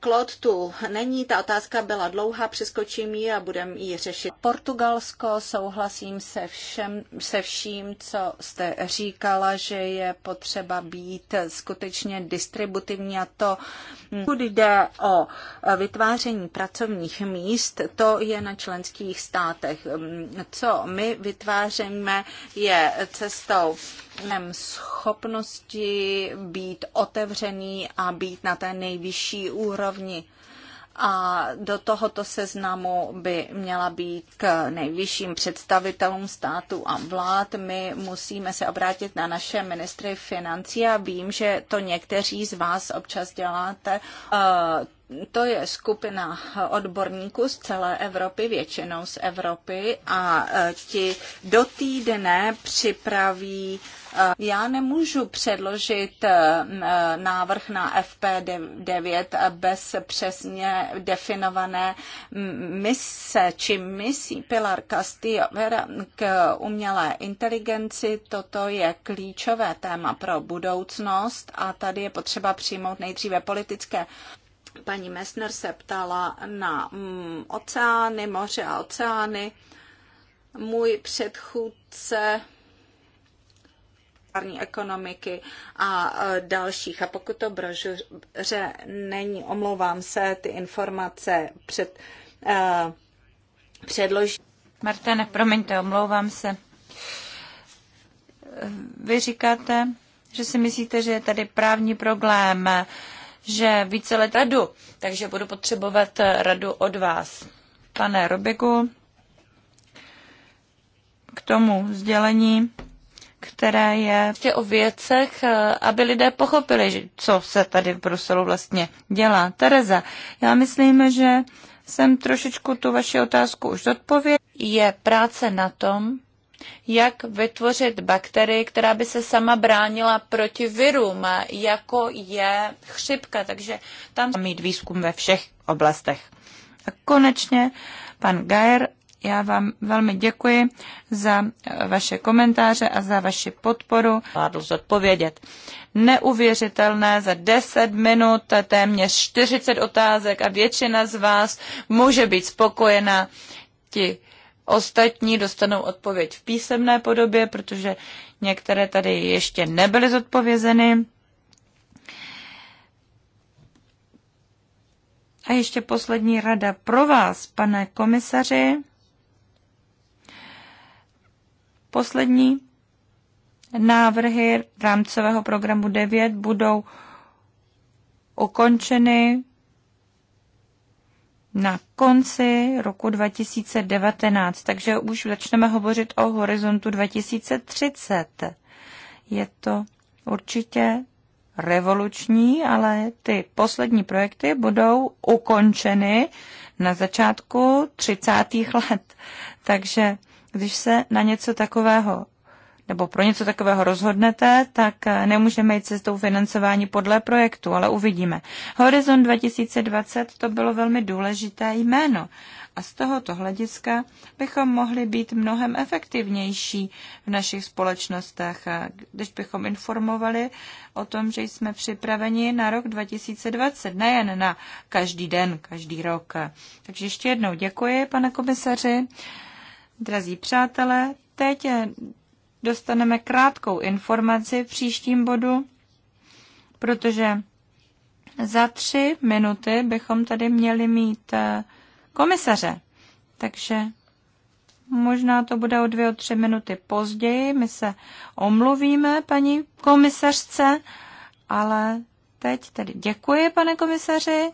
A: Klod mm, tu není, ta otázka byla dlouhá, přeskočím ji a budem ji řešit. Portugalsko, souhlasím se, všem, se vším, co jste říkala, že je potřeba být skutečně distributivní a to Mm. Pokud jde o e, vytváření pracovních míst, to je na členských státech. Mm, co my vytváříme, je cestou schopnosti být otevřený a být na té nejvyšší úrovni a do tohoto seznamu by měla být k nejvyšším představitelům státu a vlád. My musíme se obrátit na naše ministry financí a vím, že to někteří z vás občas děláte. Eh, to je skupina odborníků z celé Evropy, většinou z Evropy, a e, ti do týdne připraví e, já nemůžu předložit e, návrh na FP9 bez přesně definované mise či misí. Pilar Castillo k umělé inteligenci, toto je klíčové téma pro budoucnost a tady je potřeba přijmout nejdříve politické Paní Messner se ptala na mm, oceány, moře a oceány. Můj předchůdce ekonomiky a e, dalších. A pokud to brožuře není, omlouvám se, ty informace před, eh, předloží.
B: Martene, promiňte, omlouvám se. Vy říkáte, že si myslíte, že je tady právní problém že více let radu, takže budu potřebovat radu od vás. Pane Robiku, k tomu sdělení, které je o věcech, aby lidé pochopili, co se tady v Bruselu vlastně dělá. Tereza, já myslím, že jsem trošičku tu vaši otázku už odpověděl. Je práce na tom, jak vytvořit bakterii, která by se sama bránila proti virům, jako je chřipka. Takže tam mít výzkum ve všech oblastech. A konečně, pan Gajer, já vám velmi děkuji za vaše komentáře a za vaši podporu. Vládl zodpovědět. Neuvěřitelné, za 10 minut téměř 40 otázek a většina z vás může být spokojena. Ti Ostatní dostanou odpověď v písemné podobě, protože některé tady ještě nebyly zodpovězeny. A ještě poslední rada pro vás, pane komisaři. Poslední návrhy rámcového programu 9 budou ukončeny na konci roku 2019, takže už začneme hovořit o horizontu 2030. Je to určitě revoluční, ale ty poslední projekty budou ukončeny na začátku 30. let. Takže když se na něco takového nebo pro něco takového rozhodnete, tak eh, nemůžeme jít cestou financování podle projektu, ale uvidíme. Horizon 2020 to bylo velmi důležité jméno a z tohoto hlediska bychom mohli být mnohem efektivnější v našich společnostech, eh, když bychom informovali o tom, že jsme připraveni na rok 2020, nejen na každý den, každý rok. Takže ještě jednou děkuji, pane komisaři. Drazí přátelé, teď eh, dostaneme krátkou informaci v příštím bodu, protože za tři minuty bychom tady měli mít eh, komisaře. Takže možná to bude o dvě, o tři minuty později. My se omluvíme paní komisařce, ale teď tedy děkuji, pane komisaři.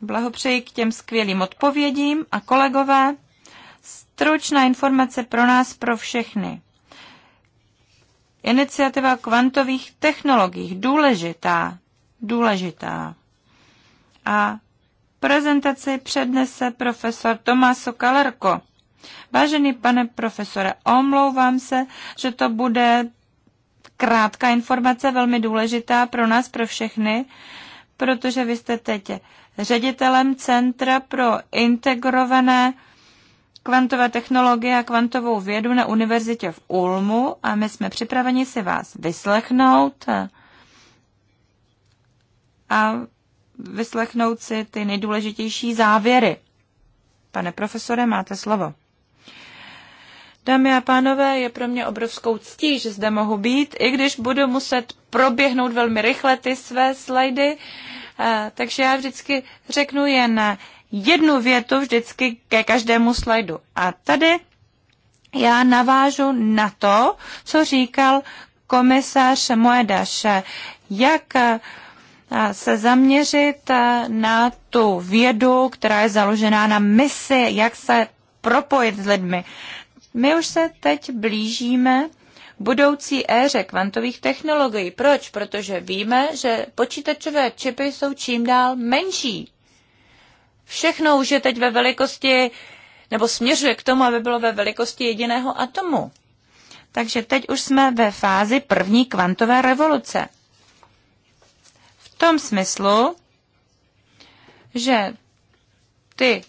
B: Blahopřeji k těm skvělým odpovědím a kolegové. Stručná informace pro nás, pro všechny. Iniciativa kvantových technologií, důležitá, důležitá. A prezentaci přednese profesor Tomáso Kalerko. Vážený pane profesore, omlouvám se, že to bude krátká informace, velmi důležitá pro nás, pro všechny, protože vy jste teď ředitelem Centra pro integrované kvantové technologie a kvantovou vědu na univerzitě v Ulmu a my jsme připraveni si vás vyslechnout a vyslechnout si ty nejdůležitější závěry. Pane profesore, máte slovo. Dámy a pánové, je pro mě obrovskou ctí, že zde mohu být, i když budu muset proběhnout velmi rychle ty své slajdy, eh, takže já vždycky řeknu jen jednu větu vždycky ke každému slajdu. A tady já navážu na to, co říkal komisař Moedaš, jak eh, se zaměřit eh, na tu vědu, která je založená na misi, jak se propojit s lidmi. My už se teď blížíme budoucí éře kvantových technologií. Proč? Protože víme, že počítačové čipy jsou čím dál menší všechno už je teď ve velikosti, nebo směřuje k tomu, aby bylo ve velikosti jediného atomu. Takže teď už jsme ve fázi první kvantové revoluce. V tom smyslu, že ty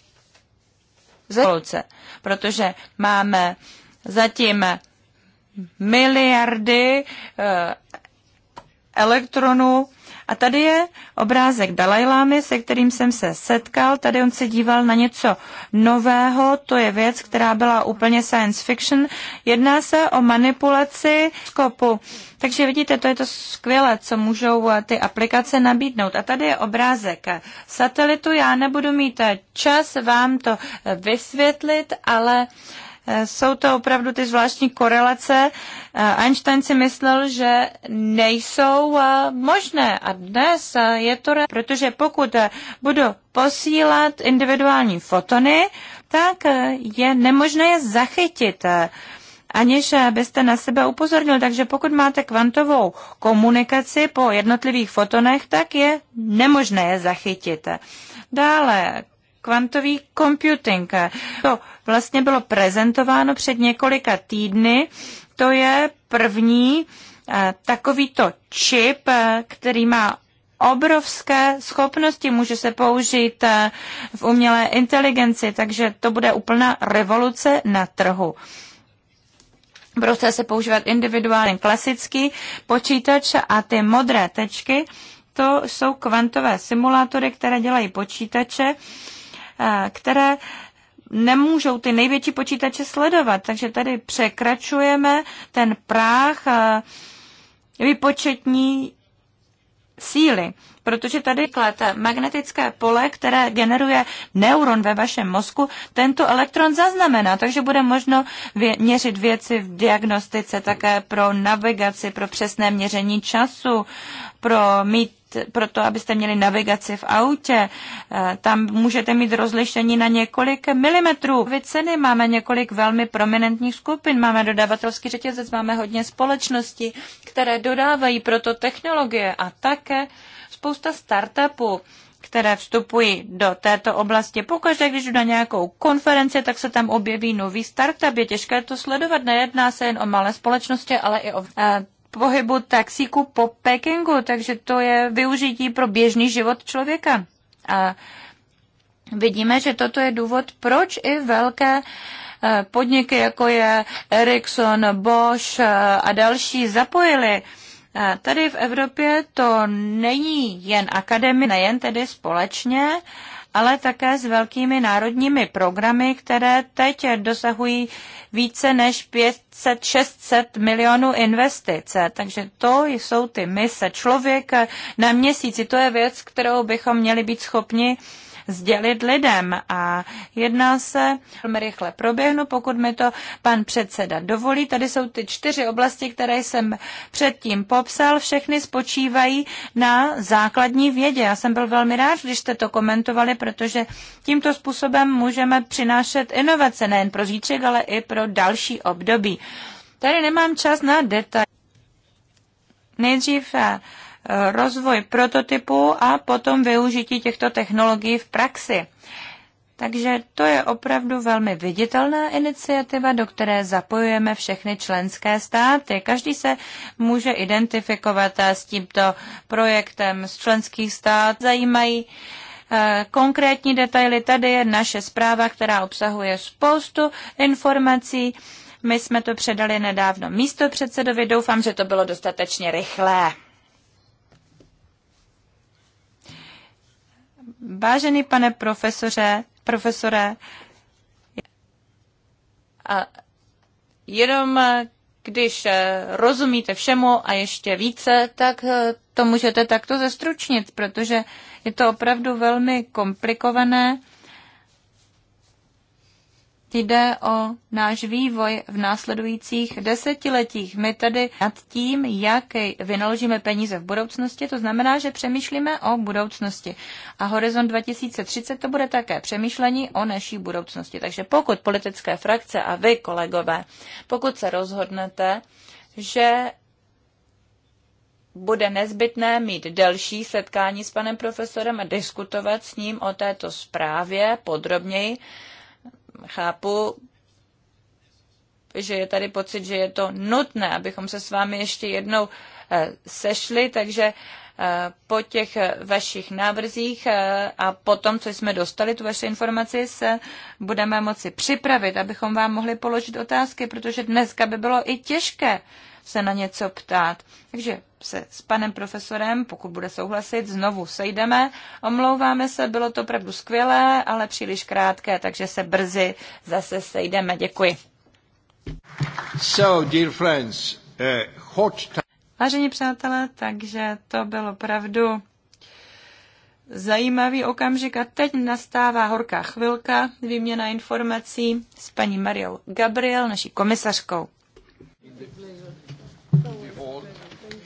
B: revoluce, protože máme zatím miliardy eh, elektronů a tady je obrázek Dalajlámy, se kterým jsem se setkal. Tady on se díval na něco nového, to je věc, která byla úplně science fiction. Jedná se o manipulaci skopu. Takže vidíte, to je to skvělé, co můžou eh, ty aplikace nabídnout. A tady je obrázek satelitu. Já nebudu mít eh, čas vám to eh, vysvětlit, ale uh, jsou to opravdu ty zvláštní korelace. Eh, Einstein si myslel, že nejsou eh, možné a dnes eh, je to, protože pokud budu posílat individuální fotony, tak je nemožné je zachytit aniž byste na sebe upozornil. Takže pokud máte kvantovou komunikaci po jednotlivých fotonech, tak je nemožné je zachytit. Dále kvantový computing. To vlastně bylo prezentováno před několika týdny. To je první eh, takovýto čip, eh, který má obrovské schopnosti, může se použít eh, v umělé inteligenci, takže to bude úplná revoluce na trhu. Budou se používat individuálně klasický počítač a ty modré tečky, to jsou kvantové simulátory, které dělají počítače, které nemůžou ty největší počítače sledovat. Takže tady překračujeme ten práh vypočetní síly, protože tady kláte magnetické pole, které generuje neuron ve vašem mozku, tento elektron zaznamená, takže bude možno vě- měřit věci v diagnostice také pro navigaci, pro přesné měření času, pro mít pro to, abyste měli navigaci v autě. Eh, tam můžete mít rozlišení na několik milimetrů. Vy ceny máme několik velmi prominentních skupin. Máme dodavatelský řetězec, máme hodně společností, které dodávají proto technologie a také spousta startupů které vstupují do této oblasti. Pokaždé, když jdu na nějakou konferenci, tak se tam objeví nový startup. Je těžké to sledovat. Nejedná se jen o malé společnosti, ale i o eh, pohybu taxíku po Pekingu, takže to je využití pro běžný život člověka. A vidíme, že toto je důvod, proč i velké eh, podniky, jako je Ericsson, Bosch eh, a další, zapojili. Tady v Evropě to není jen akademie, nejen tedy společně, ale také s velkými národními programy, které teď dosahují více než 500-600 milionů investic. Takže to jsou ty mise. Člověk na měsíci, to je věc, kterou bychom měli být schopni sdělit lidem. A jedná se, velmi rychle proběhnu, pokud mi to pan předseda dovolí. Tady jsou ty čtyři oblasti, které jsem předtím popsal. Všechny spočívají na základní vědě. Já jsem byl velmi rád, když jste to komentovali, protože tímto způsobem můžeme přinášet inovace nejen pro zítřek, ale i pro další období. Tady nemám čas na detail. Nejdřív eh, rozvoj prototypu a potom využití těchto technologií v praxi. Takže to je opravdu velmi viditelná iniciativa, do které zapojujeme všechny členské státy. Každý se může identifikovat s tímto projektem z členských stát. Zajímají eh, konkrétní detaily. Tady je naše zpráva, která obsahuje spoustu informací. My jsme to předali nedávno místo předsedovi. Doufám, že to bylo dostatečně rychlé. Vážený pane profesoře, profesore, a jenom eh, když eh, rozumíte všemu a ještě více, tak eh, to můžete takto zestručnit, protože je to opravdu velmi komplikované jde o náš vývoj v následujících desetiletích. My tedy nad tím, jak vynaložíme peníze v budoucnosti, to znamená, že přemýšlíme o budoucnosti. A Horizont 2030 to bude také přemýšlení o naší budoucnosti. Takže pokud politické frakce a vy, kolegové, pokud se rozhodnete, že bude nezbytné mít delší setkání s panem profesorem a diskutovat s ním o této zprávě podrobněji, Chápu, že je tady pocit, že je to nutné, abychom se s vámi ještě jednou eh, sešli, takže eh, po těch eh, vašich návrzích a po tom, co jsme dostali, tu vaši informaci, se budeme moci připravit, abychom vám mohli položit otázky, protože dneska by bylo i těžké se na něco ptát. Takže se s panem profesorem, pokud bude souhlasit, znovu sejdeme. Omlouváme se, bylo to opravdu skvělé, ale příliš krátké, takže se brzy zase sejdeme. Děkuji.
D: So, dear friends, uh, hot
B: time. Vážení přátelé, takže to bylo opravdu zajímavý okamžik a teď nastává horká chvilka, výměna informací s paní Mariou Gabriel, naší komisařkou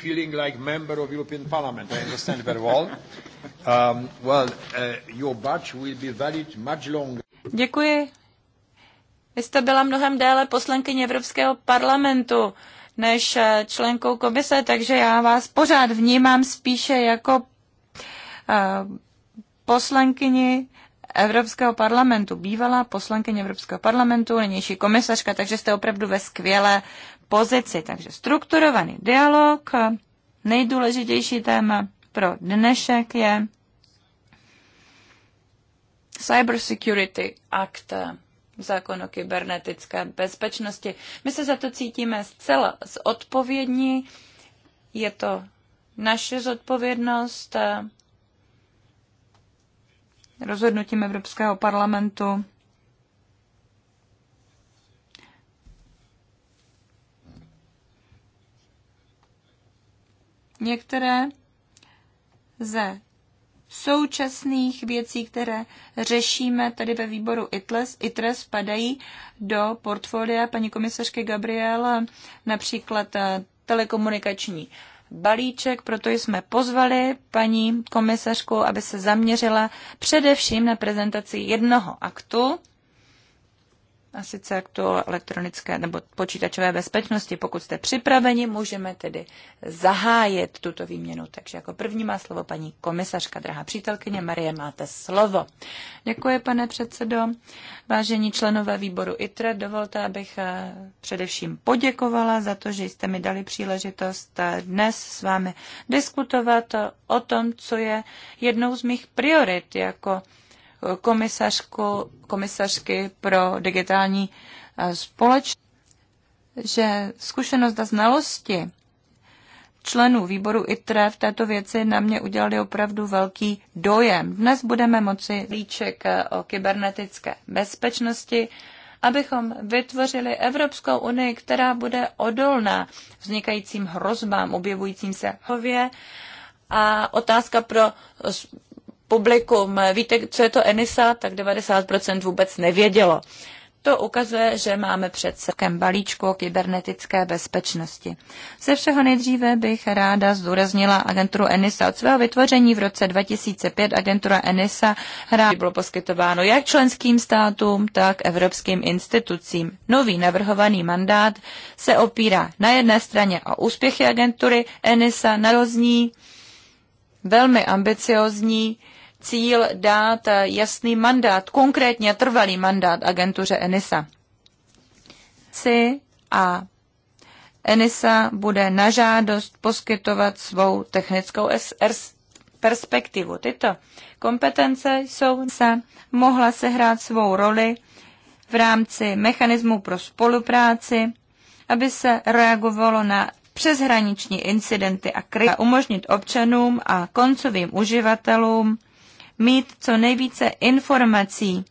D: feeling like member of European Parliament. I understand very well. Um, well, uh, your badge will be valid much longer.
B: Děkuji. Vy jste byla mnohem déle poslankyně Evropského parlamentu než eh, členkou komise, takže já vás pořád vnímám spíše jako uh, poslankyni Evropského parlamentu, bývalá poslankyně Evropského parlamentu, nynější komisařka, takže jste opravdu ve skvělé pozici. Takže strukturovaný dialog, nejdůležitější téma pro dnešek je Cyber Security Act, zákon o kybernetické bezpečnosti. My se za to cítíme zcela zodpovědní, je to naše zodpovědnost rozhodnutím Evropského parlamentu některé ze současných věcí, které řešíme tady ve výboru ITLES, ITRES, padají do portfolia paní komisařky Gabriela. například eh, telekomunikační balíček, proto jsme pozvali paní komisařku, aby se zaměřila především na prezentaci jednoho aktu, a sice k tu elektronické nebo počítačové bezpečnosti. Pokud jste připraveni, můžeme tedy zahájit tuto výměnu. Takže jako první má slovo paní komisařka, drahá přítelkyně Marie, máte slovo. Děkuji, pane předsedo. Vážení členové výboru ITRE, dovolte, abych eh, především poděkovala za to, že jste mi dali příležitost eh, dnes s vámi diskutovat o tom, co je jednou z mých priorit jako komisařku, komisařky pro digitální eh, společnost, že zkušenost a znalosti členů výboru ITRE v této věci na mě udělali opravdu velký dojem. Dnes budeme moci líček eh, o kybernetické bezpečnosti, abychom vytvořili Evropskou unii, která bude odolná vznikajícím hrozbám, objevujícím se hově. A otázka pro publikum, víte, co je to ENISA, tak 90% vůbec nevědělo. To ukazuje, že máme před sebou balíčku kybernetické bezpečnosti. Ze všeho nejdříve bych ráda zdůraznila agenturu ENISA. Od svého vytvoření v roce 2005 agentura ENISA hra bylo poskytováno jak členským státům, tak evropským institucím. Nový navrhovaný mandát se opírá na jedné straně o úspěchy agentury ENISA na rozní velmi ambiciozní cíl dát jasný mandát, konkrétně trvalý mandát agentuře ENISA. C a ENISA bude na žádost poskytovat svou technickou perspektivu. Tyto kompetence jsou se mohla sehrát svou roli v rámci mechanismu pro spolupráci, aby se reagovalo na přeshraniční incidenty a kry a umožnit občanům a koncovým uživatelům mít co nejvíce informací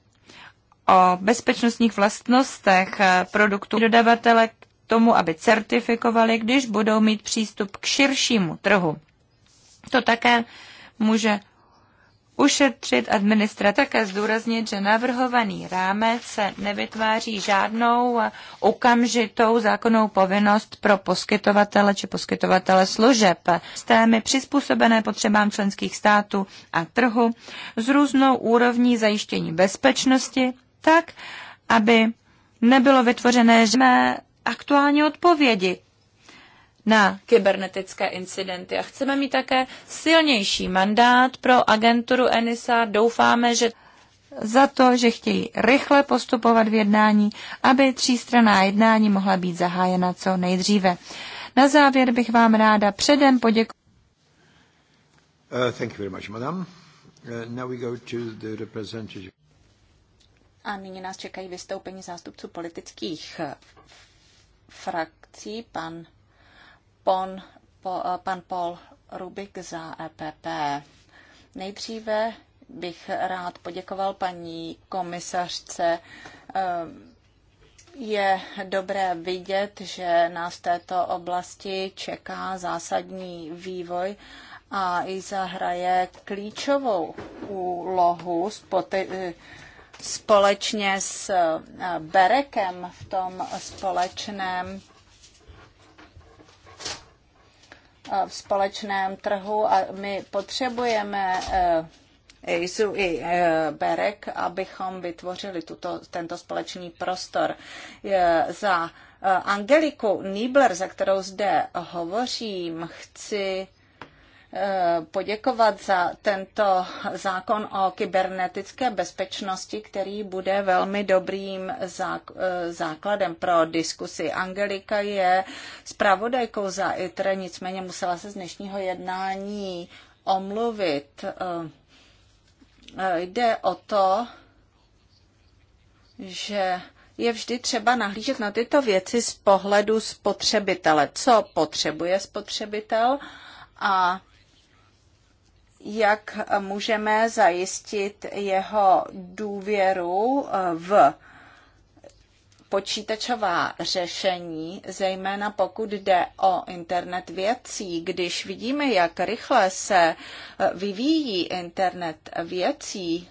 B: o bezpečnostních vlastnostech eh, produktů dodavatele k tomu, aby certifikovali, když budou mít přístup k širšímu trhu. To také může ušetřit administra. Také zdůraznit, že navrhovaný rámec nevytváří žádnou okamžitou zákonnou povinnost pro poskytovatele či poskytovatele služeb. Systémy přizpůsobené potřebám členských států a trhu s různou úrovní zajištění bezpečnosti, tak, aby nebylo vytvořené žádné aktuální odpovědi na kybernetické incidenty a chceme mít také silnější mandát pro agenturu ENISA. Doufáme, že za to, že chtějí rychle postupovat v jednání, aby třístraná jednání mohla být zahájena co nejdříve. Na závěr bych vám ráda předem poděkovala.
D: Uh, thank you very much, madam. Uh, now we go to the representative.
A: A nyní nás čekají vystoupení zástupců politických frakcí. Pan po, eh, pan Paul Rubik za EPP. Nejdříve bych rád poděkoval paní komisařce. Eh, je dobré vidět, že nás v této oblasti čeká zásadní vývoj a i zahraje klíčovou úlohu společně s eh, Berekem v tom společném v společném trhu a my potřebujeme eh, ISU i eh, BEREK, abychom vytvořili tuto, tento společný prostor. Za eh, Angeliku Niebler, za kterou zde hovořím, chci poděkovat za tento zákon o kybernetické bezpečnosti, který bude velmi dobrým základem pro diskusi. Angelika je zpravodajkou za ITRE, nicméně musela se z dnešního jednání omluvit. Eh, jde o to, že je vždy třeba nahlížet na tyto věci z pohledu spotřebitele. Co potřebuje spotřebitel a jak můžeme zajistit jeho důvěru eh, v počítačová řešení, zejména pokud jde o internet věcí. Když vidíme, jak rychle se eh, vyvíjí internet věcí,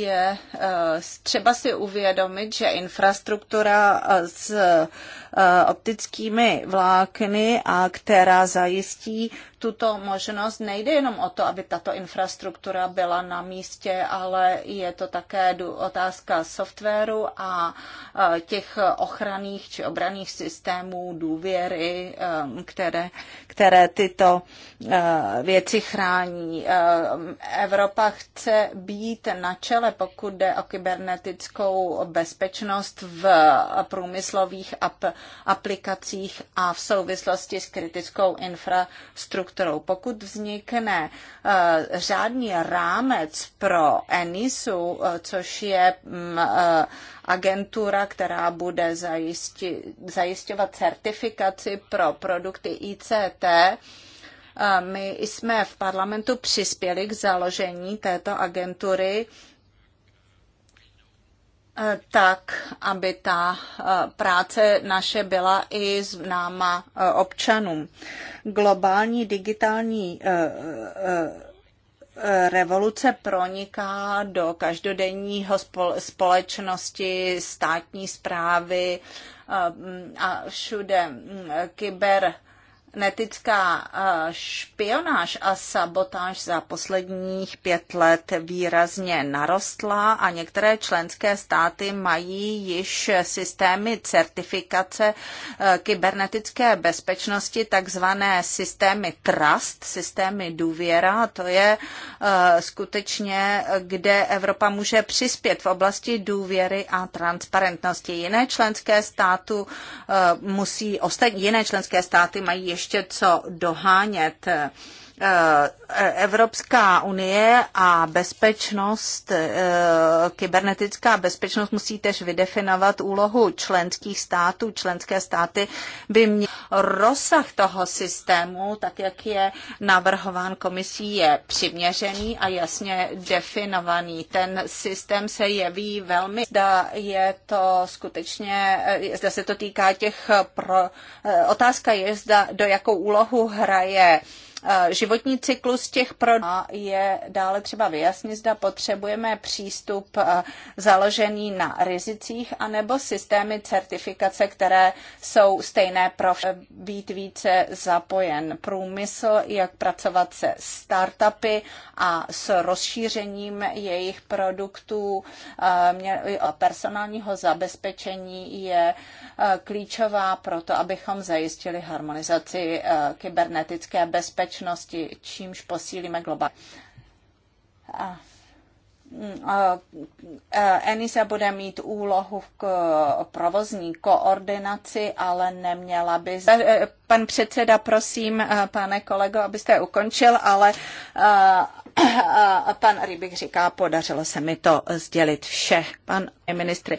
A: je eh, třeba si uvědomit, že infrastruktura eh, s eh, optickými vlákny a která zajistí tuto možnost. Nejde jenom o to, aby tato infrastruktura byla na místě, ale je to také otázka softwaru a těch ochranných či obraných systémů důvěry, um, které, které tyto uh, věci chrání. Um, Evropa chce být na čele, pokud jde o kybernetickou bezpečnost v průmyslových aplikacích a v souvislosti s kritickou infrastrukturou kterou Pokud vznikne eh, řádný rámec pro ENISu, eh, což je mm, eh, agentura, která bude zajisti, zajistovat certifikaci pro produkty ICT, my jsme v parlamentu přispěli k založení této agentury tak, aby ta eh, práce naše byla i známa eh, občanům. Globální digitální eh, revoluce proniká do každodenní společnosti, státní zprávy a všude mm, kyber Netická eh, špionáž a sabotáž za posledních pět let výrazně narostla a některé členské státy mají již systémy certifikace eh, kybernetické bezpečnosti, takzvané systémy trust, systémy důvěra. To je eh, skutečně, kde Evropa může přispět v oblasti důvěry a transparentnosti. Jiné členské státy musí, jiné členské státy mají již ještě co dohánět. Eh, Evropská unie a bezpečnost, eh, kybernetická bezpečnost musí tež vydefinovat úlohu členských států. Členské státy by mě rozsah toho systému, tak jak je navrhován komisí, je přiměřený a jasně definovaný. Ten systém se jeví velmi, zda je to skutečně, eh, zda se to týká těch pro, otázka je, zda do jakou úlohu hraje Eh, životní cyklus těch produktů je dále třeba vyjasnit, zda potřebujeme přístup eh, založený na rizicích anebo systémy certifikace, které jsou stejné pro být více zapojen průmysl, jak pracovat se startupy a s rozšířením jejich produktů eh, personálního zabezpečení je klíčová pro to, abychom zajistili harmonizaci kybernetické bezpečnosti bezpečnosti, čímž posílíme globální. Mm, e, Enisa bude mít úlohu k provozní koordinaci, ale neměla by. E, e, pan předseda, prosím, pane kolego, abyste ukončil, ale pan Rybik říká, podařilo se mi to sdělit vše. Pan ministry,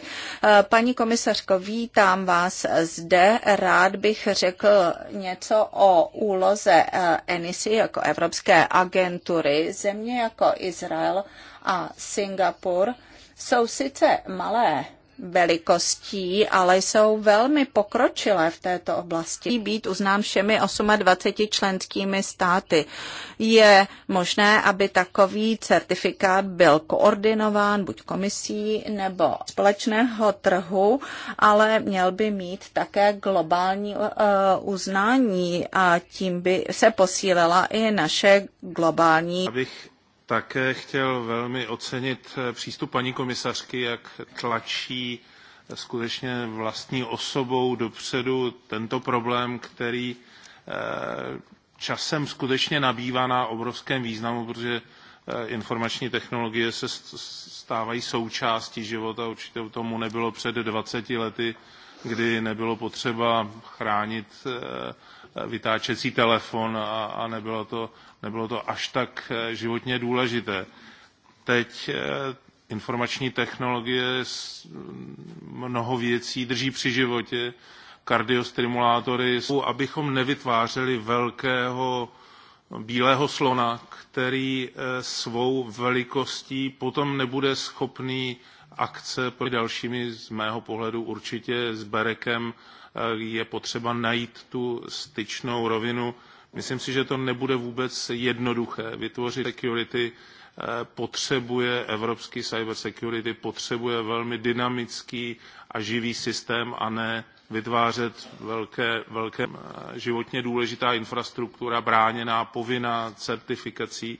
A: paní komisařko, vítám vás zde. Rád bych řekl něco o úloze ENISY jako Evropské agentury. Země jako Izrael a Singapur jsou sice malé velikostí, ale jsou velmi pokročilé v této oblasti. Být uznán všemi 28 členskými státy. Je možné, aby takový certifikát byl koordinován buď komisí nebo společného trhu, ale měl by mít také globální uh, uznání a tím by se posílila i naše
E: globální. Abych také chtěl velmi ocenit eh, přístup paní komisařky, jak tlačí skutečně vlastní osobou dopředu tento problém, který eh, časem skutečně nabývá na obrovském významu, protože eh, informační technologie se stávají součástí života. Určitě tomu nebylo před 20 lety, kdy nebylo potřeba chránit vytáčecí telefon a, a nebylo to nebylo to až tak eh, životně důležité. Teď eh, informační technologie mm, mnoho věcí drží při životě, kardiostimulátory, abychom nevytvářeli velkého mm, bílého slona, který eh, svou velikostí potom nebude schopný akce pro dalšími z mého pohledu určitě s Berekem je potřeba najít tu styčnou rovinu, Myslím si, že to nebude vůbec jednoduché. Vytvořit security eh, potřebuje evropský cyber security, potřebuje velmi dynamický a živý systém a ne vytvářet velké, velké eh, životně důležitá infrastruktura, bráněná, povinná certifikací.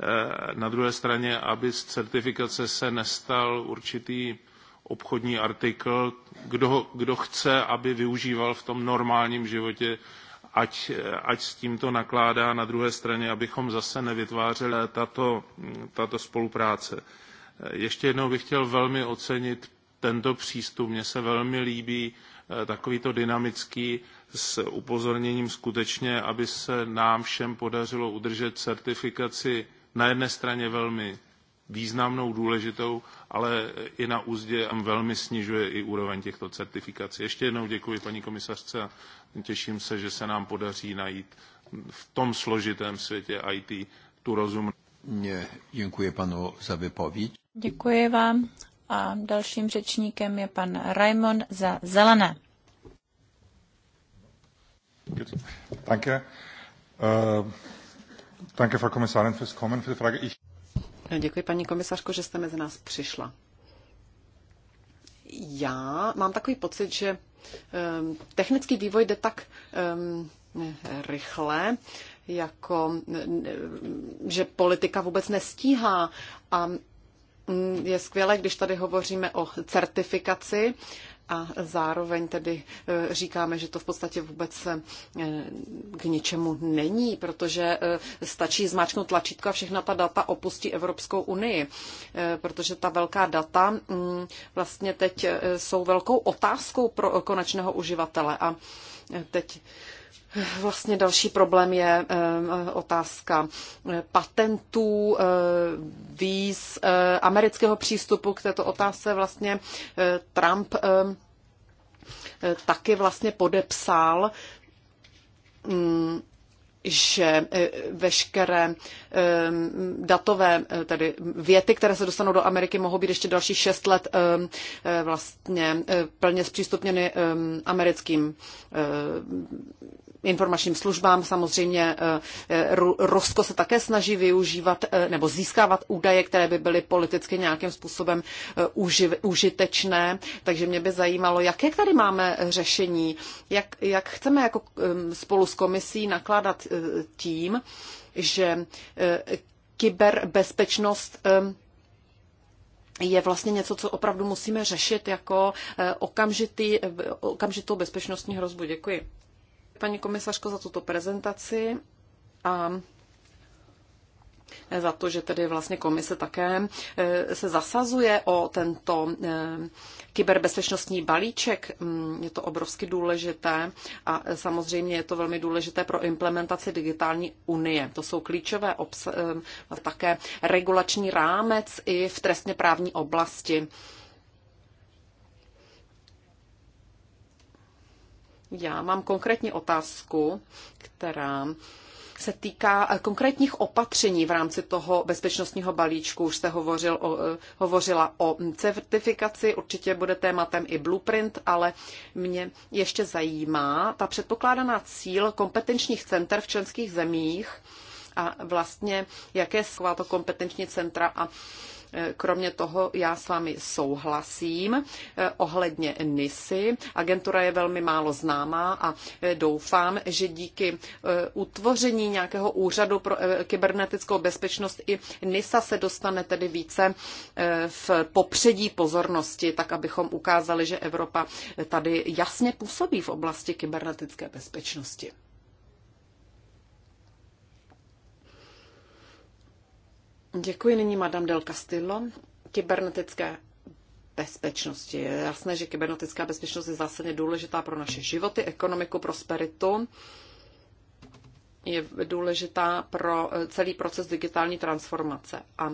E: Eh, na druhé straně, aby z certifikace se nestal určitý obchodní artikl, kdo, kdo chce, aby využíval v tom normálním životě ať, ať s tímto nakládá, na druhé straně, abychom zase nevytvářeli tato, tato spolupráce. Ještě jednou bych chtěl velmi ocenit tento přístup. Mně se velmi líbí eh, takovýto dynamický s upozorněním skutečně, aby se nám všem podařilo udržet certifikaci na jedné straně velmi významnou, důležitou, ale i na úzdě velmi snižuje i úroveň těchto certifikací. Ještě jednou děkuji paní komisařce a těším se, že se nám podaří najít v tom složitém světě IT tu rozum. Mě děkuji panu za vypověď.
B: Děkuji vám a dalším řečníkem je pan Raimon za zelené.
E: Danke. Äh, danke, Frau Kommissarin, fürs Kommen, für die Frage. Ich
C: Děkuji, paní komisařko, že jste mezi nás přišla. Já mám takový pocit, že ehm, technický vývoj jde tak ehm, rychle, jako že politika vůbec nestíhá a mm, je skvělé, když tady hovoříme o certifikaci, a zároveň tedy e, říkáme, že to v podstatě vůbec e, k ničemu není, protože e, stačí zmáčknout tlačítko a všechna ta data opustí Evropskou unii, protože ta velká data mm, vlastně teď jsou velkou otázkou pro konečného uživatele a teď Vlastně další problém je eh, otázka eh, patentů, eh, víz, amerického přístupu k této otázce. Vlastně Trump taky vlastně podepsal mm, že veškeré datové tedy věty, které se dostanou do Ameriky, mohou být ještě další šest let vlastně plně zpřístupněny americkým informačním službám. Samozřejmě eh, eh, Rusko se také snaží využívat eh, nebo získávat údaje, které by byly politicky nějakým způsobem uživ, užitečné. Takže mě by zajímalo, jaké tady máme řešení, jak, jak chceme jako ehm, spolu s komisí nakládat tím, že kyberbezpečnost ehm, je vlastně něco, co opravdu musíme řešit jako okamžitý, okamžitou bezpečnostní hrozbu. Děkuji paní komisařko, za tuto prezentaci a eh, za to, že tedy vlastně komise také eh, se zasazuje o tento eh, kyberbezpečnostní balíček. Mm, je to obrovsky důležité a samozřejmě je to velmi důležité pro implementaci digitální unie. To jsou klíčové obs- také regulační rámec i v trestně právní oblasti Já mám konkrétní otázku, která se týká eh, konkrétních opatření v rámci toho bezpečnostního balíčku. Už jste hovořil o, eh, hovořila o certifikaci, určitě bude tématem i blueprint, ale mě ještě zajímá ta předpokládaná cíl kompetenčních center v členských zemích a vlastně jaké jsou to kompetenční centra a Kromě toho já s vámi souhlasím eh, ohledně NISy. Agentura je velmi málo známá a eh, doufám, že díky eh, utvoření nějakého úřadu pro kybernetickou bezpečnost i NISA se dostane tedy více v popředí pozornosti, tak abychom ukázali, že Evropa tady jasně působí v oblasti kybernetické bezpečnosti. Děkuji nyní Madame del Castillo. Kybernetické bezpečnosti. Je jasné, že kybernetická bezpečnost je zásadně důležitá pro naše životy, ekonomiku, prosperitu. Je důležitá pro eh, celý proces digitální transformace. A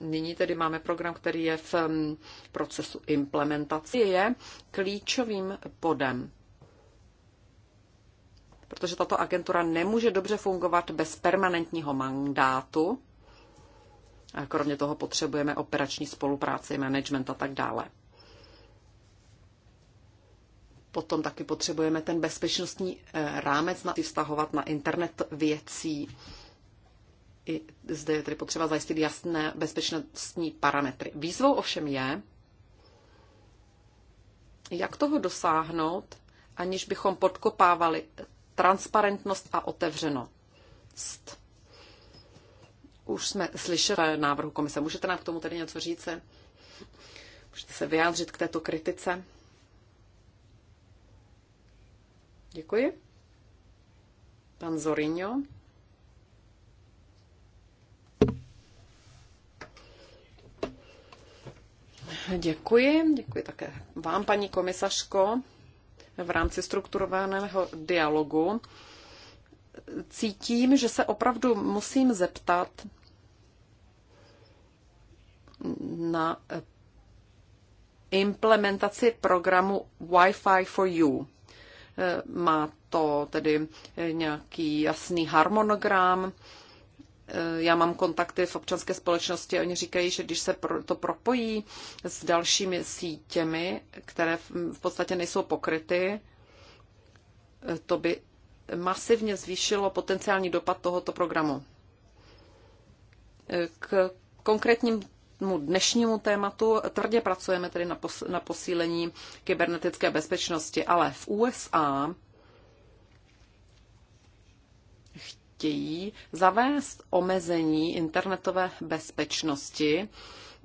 C: nyní tedy máme program, který je v mm, procesu implementace, je klíčovým bodem protože tato agentura nemůže dobře fungovat bez permanentního mandátu. A kromě toho potřebujeme operační spolupráci, management a tak dále. Potom taky potřebujeme ten bezpečnostní eh, rámec na vztahovat na internet věcí. I zde je tedy potřeba zajistit jasné bezpečnostní parametry. Výzvou ovšem je, jak toho dosáhnout, aniž bychom podkopávali transparentnost a otevřenost. Už jsme slyšeli návrhu komise. Můžete nám k tomu tedy něco říct? Můžete se vyjádřit k této kritice? Děkuji. Pan Zorinho. Děkuji, děkuji také vám, paní komisařko v rámci strukturovaného dialogu, cítím, že se opravdu musím zeptat na implementaci programu Wi-Fi for You. Má to tedy nějaký jasný harmonogram, já mám kontakty v občanské společnosti, oni říkají, že když se to propojí s dalšími sítěmi, které v podstatě nejsou pokryty, to by masivně zvýšilo potenciální dopad tohoto programu. K konkrétnímu dnešnímu tématu tvrdě pracujeme tedy na, na posílení kybernetické bezpečnosti, ale v USA chtějí zavést omezení internetové bezpečnosti.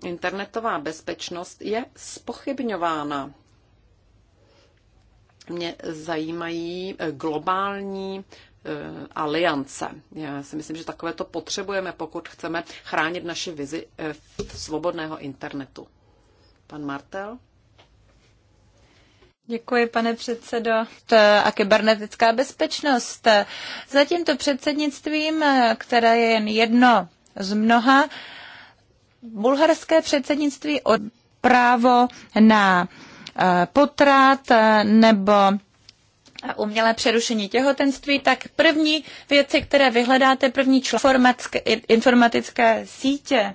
C: Internetová bezpečnost je spochybňována. Mě zajímají eh, globální eh, aliance. Já si myslím, že takové to potřebujeme, pokud chceme chránit naši vizi eh, svobodného internetu. Pan Martel? Děkuji, pane předsedo.
B: A kybernetická bezpečnost. Za tímto předsednictvím, které je jen jedno z mnoha, bulharské předsednictví od právo na eh, potrat eh, nebo umělé přerušení těhotenství, tak první věci, které vyhledáte, první článek informatické sítě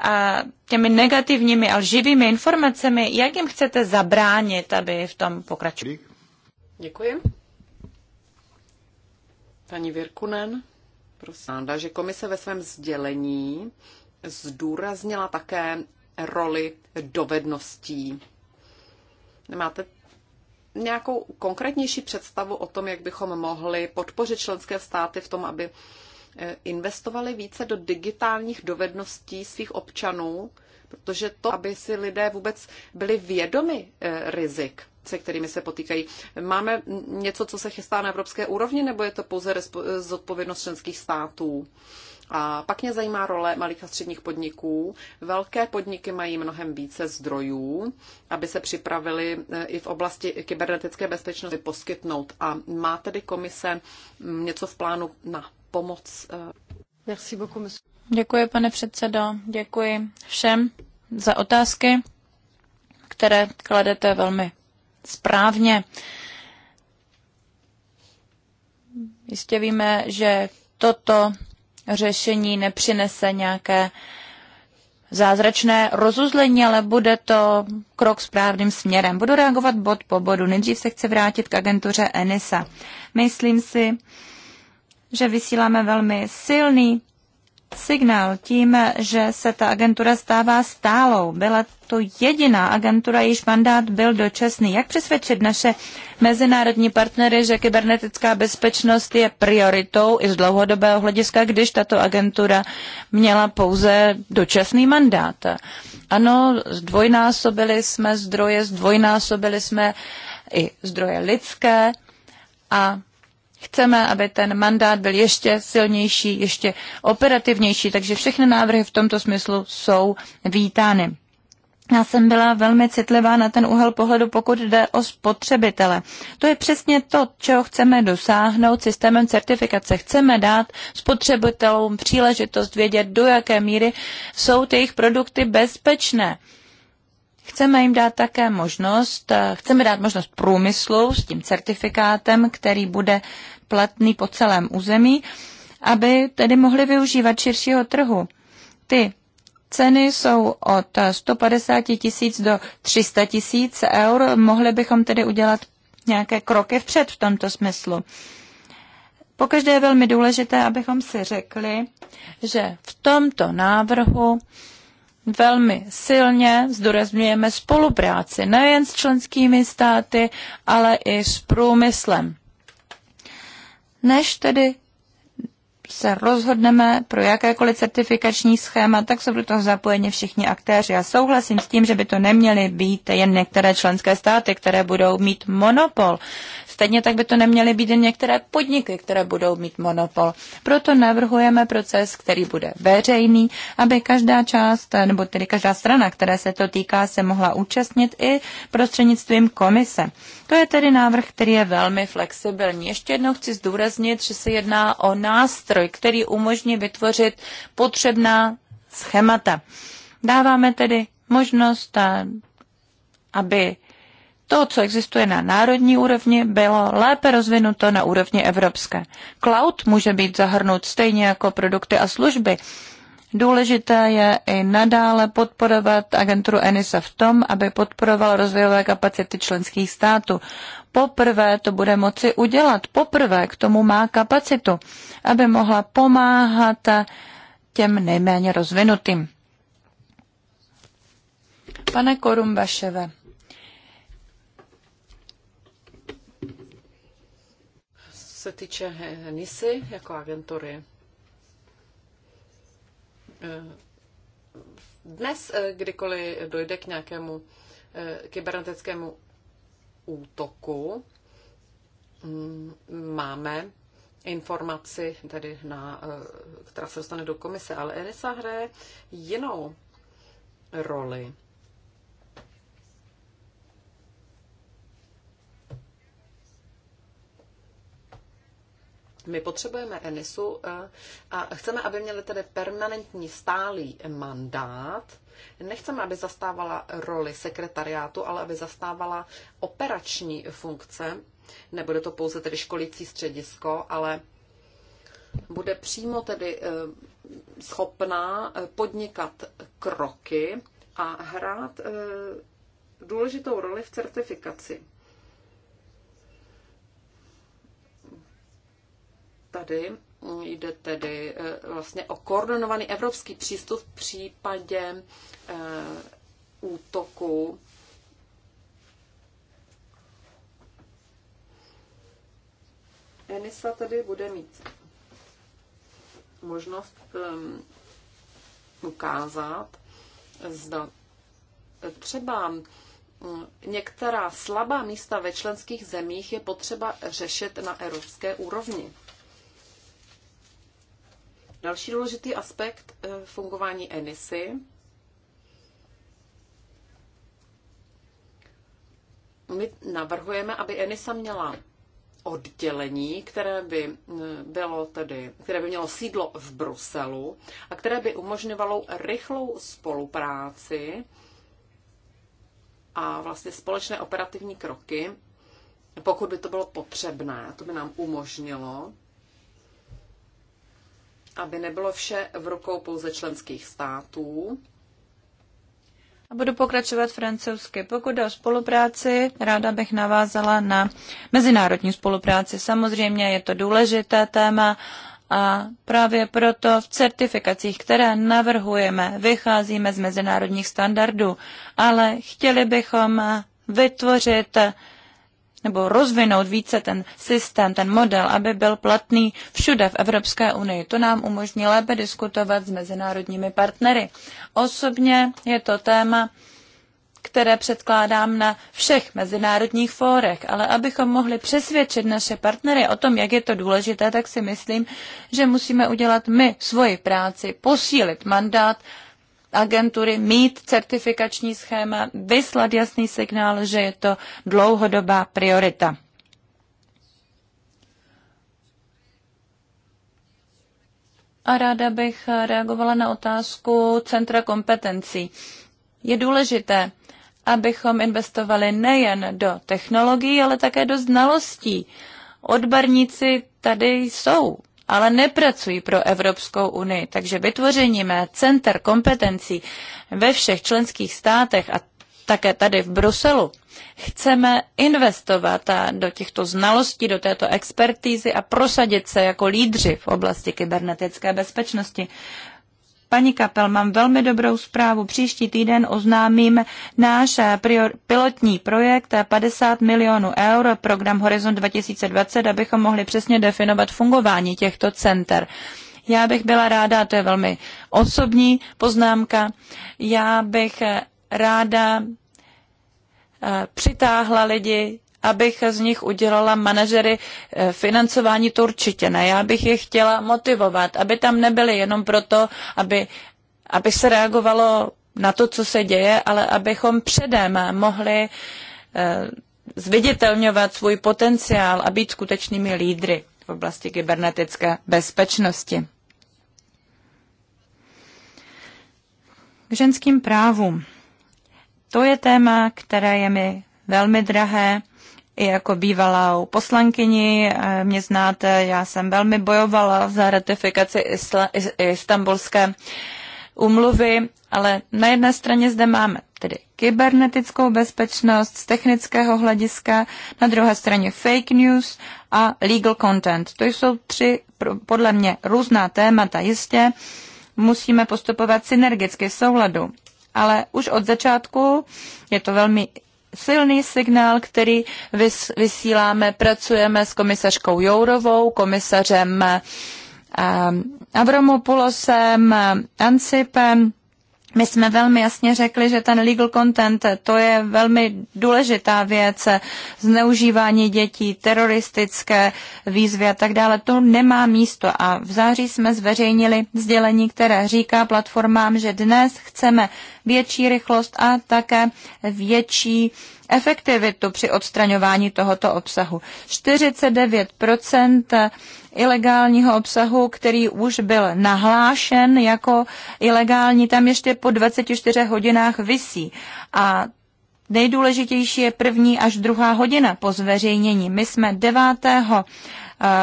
B: a těmi negativními a lživými informacemi, jak jim chcete zabránit, aby v tom pokračovali?
C: Děkuji. Paní Virkunen, prosím. Anda, že komise ve svém sdělení zdůraznila také roli dovedností. Nemáte nějakou konkrétnější představu o tom, jak bychom mohli podpořit členské státy v tom, aby Eh, investovali více do digitálních dovedností svých občanů, protože to, aby si lidé vůbec byli vědomi eh, rizik, se kterými se potýkají. Máme něco, co se chystá na evropské úrovni, nebo je to pouze eh, zodpovědnost členských států? A pak mě zajímá role malých a středních podniků. Velké podniky mají mnohem více zdrojů, aby se připravili i v oblasti kybernetické bezpečnosti poskytnout. A má tedy komise mm, něco v plánu na pomoc. Eh, Merci beaucoup,
B: Děkuji, pane předsedo. Děkuji všem za otázky, které kladete velmi správně. Jistě víme, že toto řešení nepřinese nějaké zázračné rozuzlení, ale bude to krok správným směrem. Budu reagovat bod po bodu. Nejdřív se chci vrátit k agentuře ENISA. Myslím si, že vysíláme velmi silný signál tím, že se ta agentura stává stálou. Byla to jediná agentura, jejíž mandát byl dočasný. Jak přesvědčit naše mezinárodní partnery, že kybernetická bezpečnost je prioritou i z dlouhodobého hlediska, když tato agentura měla pouze dočasný mandát? Ano, zdvojnásobili jsme zdroje, zdvojnásobili jsme i zdroje lidské a Chceme, aby ten mandát byl ještě silnější, ještě operativnější, takže všechny návrhy v tomto smyslu jsou vítány. Já jsem byla velmi citlivá na ten úhel pohledu, pokud jde o spotřebitele. To je přesně to, čeho chceme dosáhnout systémem certifikace. Chceme dát spotřebitelům příležitost vědět, do jaké míry jsou ty jejich produkty bezpečné. Chceme jim dát také možnost, eh, chceme dát možnost průmyslu s tím certifikátem, který bude platný po celém území, aby tedy mohli využívat širšího trhu. Ty Ceny jsou od 150 tisíc do 300 tisíc eur. Mohli bychom tedy udělat nějaké kroky vpřed v tomto smyslu. Pokaždé je velmi důležité, abychom si řekli, že v tomto návrhu velmi silně zdůrazňujeme spolupráci nejen s členskými státy, ale i s průmyslem. Než tedy se rozhodneme pro jakékoliv certifikační schéma, tak jsou do toho zapojeni všichni aktéři. A souhlasím s tím, že by to neměly být jen některé členské státy, které budou mít monopol. Stejně tak by to neměly být některé podniky, které budou mít monopol. Proto navrhujeme proces, který bude veřejný, aby každá část, nebo tedy každá strana, které se to týká, se mohla účastnit i prostřednictvím komise. To je tedy návrh, který je velmi flexibilní. Ještě jednou chci zdůraznit, že se jedná o nástroj, který umožní vytvořit potřebná schémata. Dáváme tedy možnost, aby to, co existuje na národní úrovni, bylo lépe rozvinuto na úrovni evropské. Cloud může být zahrnut stejně jako produkty a služby. Důležité je i nadále podporovat agenturu ENISA v tom, aby podporoval rozvojové kapacity členských států. Poprvé to bude moci udělat, poprvé k tomu má kapacitu, aby mohla pomáhat těm nejméně rozvinutým. Pane Korumbaševe,
C: se týče NISY jako agentury, eh, dnes, eh, kdykoliv dojde k nějakému eh, kybernetickému útoku, mm, máme informaci, tedy na, která se dostane do komise, ale NSA hraje jinou roli. My potřebujeme Enisu eh, a chceme, aby měli tedy permanentní stálý mandát. Nechceme, aby zastávala roli sekretariátu, ale aby zastávala operační funkce. Nebude to pouze tedy školící středisko, ale bude přímo tedy eh, schopná eh, podnikat kroky a hrát důležitou roli v certifikaci. Tady jde tedy eh, vlastně o koordinovaný evropský přístup v případě eh, útoku Enisa tady bude mít možnost ehm, ukázat, zda eh, třeba mm, některá slabá místa ve členských zemích je potřeba řešit na evropské úrovni. Další důležitý aspekt eh, fungování ENISy my navrhujeme, aby Enisa měla oddělení, které by, eh, bylo tedy, které by mělo sídlo v Bruselu a které by umožňovalo rychlou spolupráci a vlastně společné operativní kroky, pokud by to bylo potřebné. To by nám umožnilo aby nebylo vše v rukou pouze členských států.
B: A budu pokračovat francouzsky. Pokud jde o spolupráci, ráda bych navázala na mezinárodní spolupráci. Samozřejmě je to důležité téma a právě proto v certifikacích, které navrhujeme, vycházíme z mezinárodních standardů, ale chtěli bychom vytvořit nebo rozvinout více ten systém, ten model, aby byl platný všude v Evropské unii. To nám umožní lépe diskutovat s mezinárodními partnery. Osobně je to téma, které předkládám na všech mezinárodních fórech, ale abychom mohli přesvědčit naše partnery o tom, jak je to důležité, tak si myslím, že musíme udělat my svoji práci, posílit mandát agentury mít certifikační schéma, vyslat jasný signál, že je to dlouhodobá priorita. A ráda bych reagovala na otázku centra kompetencí. Je důležité, abychom investovali nejen do technologií, ale také do znalostí. Odborníci tady jsou ale nepracují pro Evropskou unii. Takže vytvořením center kompetencí ve všech členských státech a také tady v Bruselu chceme investovat do těchto znalostí, do této expertízy a prosadit se jako lídři v oblasti kybernetické bezpečnosti. Paní Kapel, mám velmi dobrou zprávu. Příští týden oznámím náš eh, prior, pilotní projekt 50 eh, milionů eur, program Horizon 2020, abychom mohli přesně definovat fungování těchto center. Já bych byla ráda, to je velmi osobní poznámka, já bych eh, ráda přitáhla lidi abych z nich udělala manažery eh, financování, to určitě ne. Já bych je chtěla motivovat, aby tam nebyly jenom proto, aby, aby se reagovalo na to, co se děje, ale abychom předem mohli eh, zviditelňovat svůj potenciál a být skutečnými lídry v oblasti kybernetické bezpečnosti. K ženským právům. To je téma, které je mi velmi drahé i jako bývalou poslankyni. Eh, mě znáte, já jsem velmi bojovala za ratifikaci Isla, istambulské umluvy, ale na jedné straně zde máme tedy kybernetickou bezpečnost z technického hlediska, na druhé straně fake news a legal content. To jsou tři podle mě různá témata. Jistě musíme postupovat synergicky v souladu ale už od začátku je to velmi silný signál, který vysíláme. Pracujeme s komisařkou Jourovou, komisařem eh, Avromopoulosem, eh, Ancipem my jsme velmi jasně řekli, že ten legal content, to je velmi důležitá věc, zneužívání dětí, teroristické výzvy a tak dále, to nemá místo. A v září jsme zveřejnili sdělení, které říká platformám, že dnes chceme větší rychlost a také větší efektivitu při odstraňování tohoto obsahu. 49 ilegálního obsahu, který už byl nahlášen jako ilegální, tam ještě po 24 hodinách visí. A nejdůležitější je první až druhá hodina po zveřejnění. My jsme 9. Eh,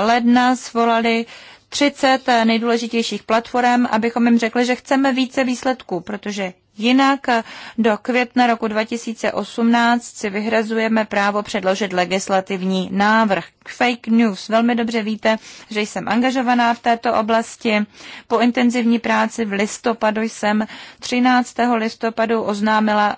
B: ledna svolali 30 eh, nejdůležitějších platform, abychom jim řekli, že chceme více výsledků, protože Jinak eh, do května roku 2018 si vyhrazujeme právo předložit legislativní návrh. K fake news. Velmi dobře víte, že jsem angažovaná v této oblasti. Po intenzivní práci v listopadu jsem 13. listopadu oznámila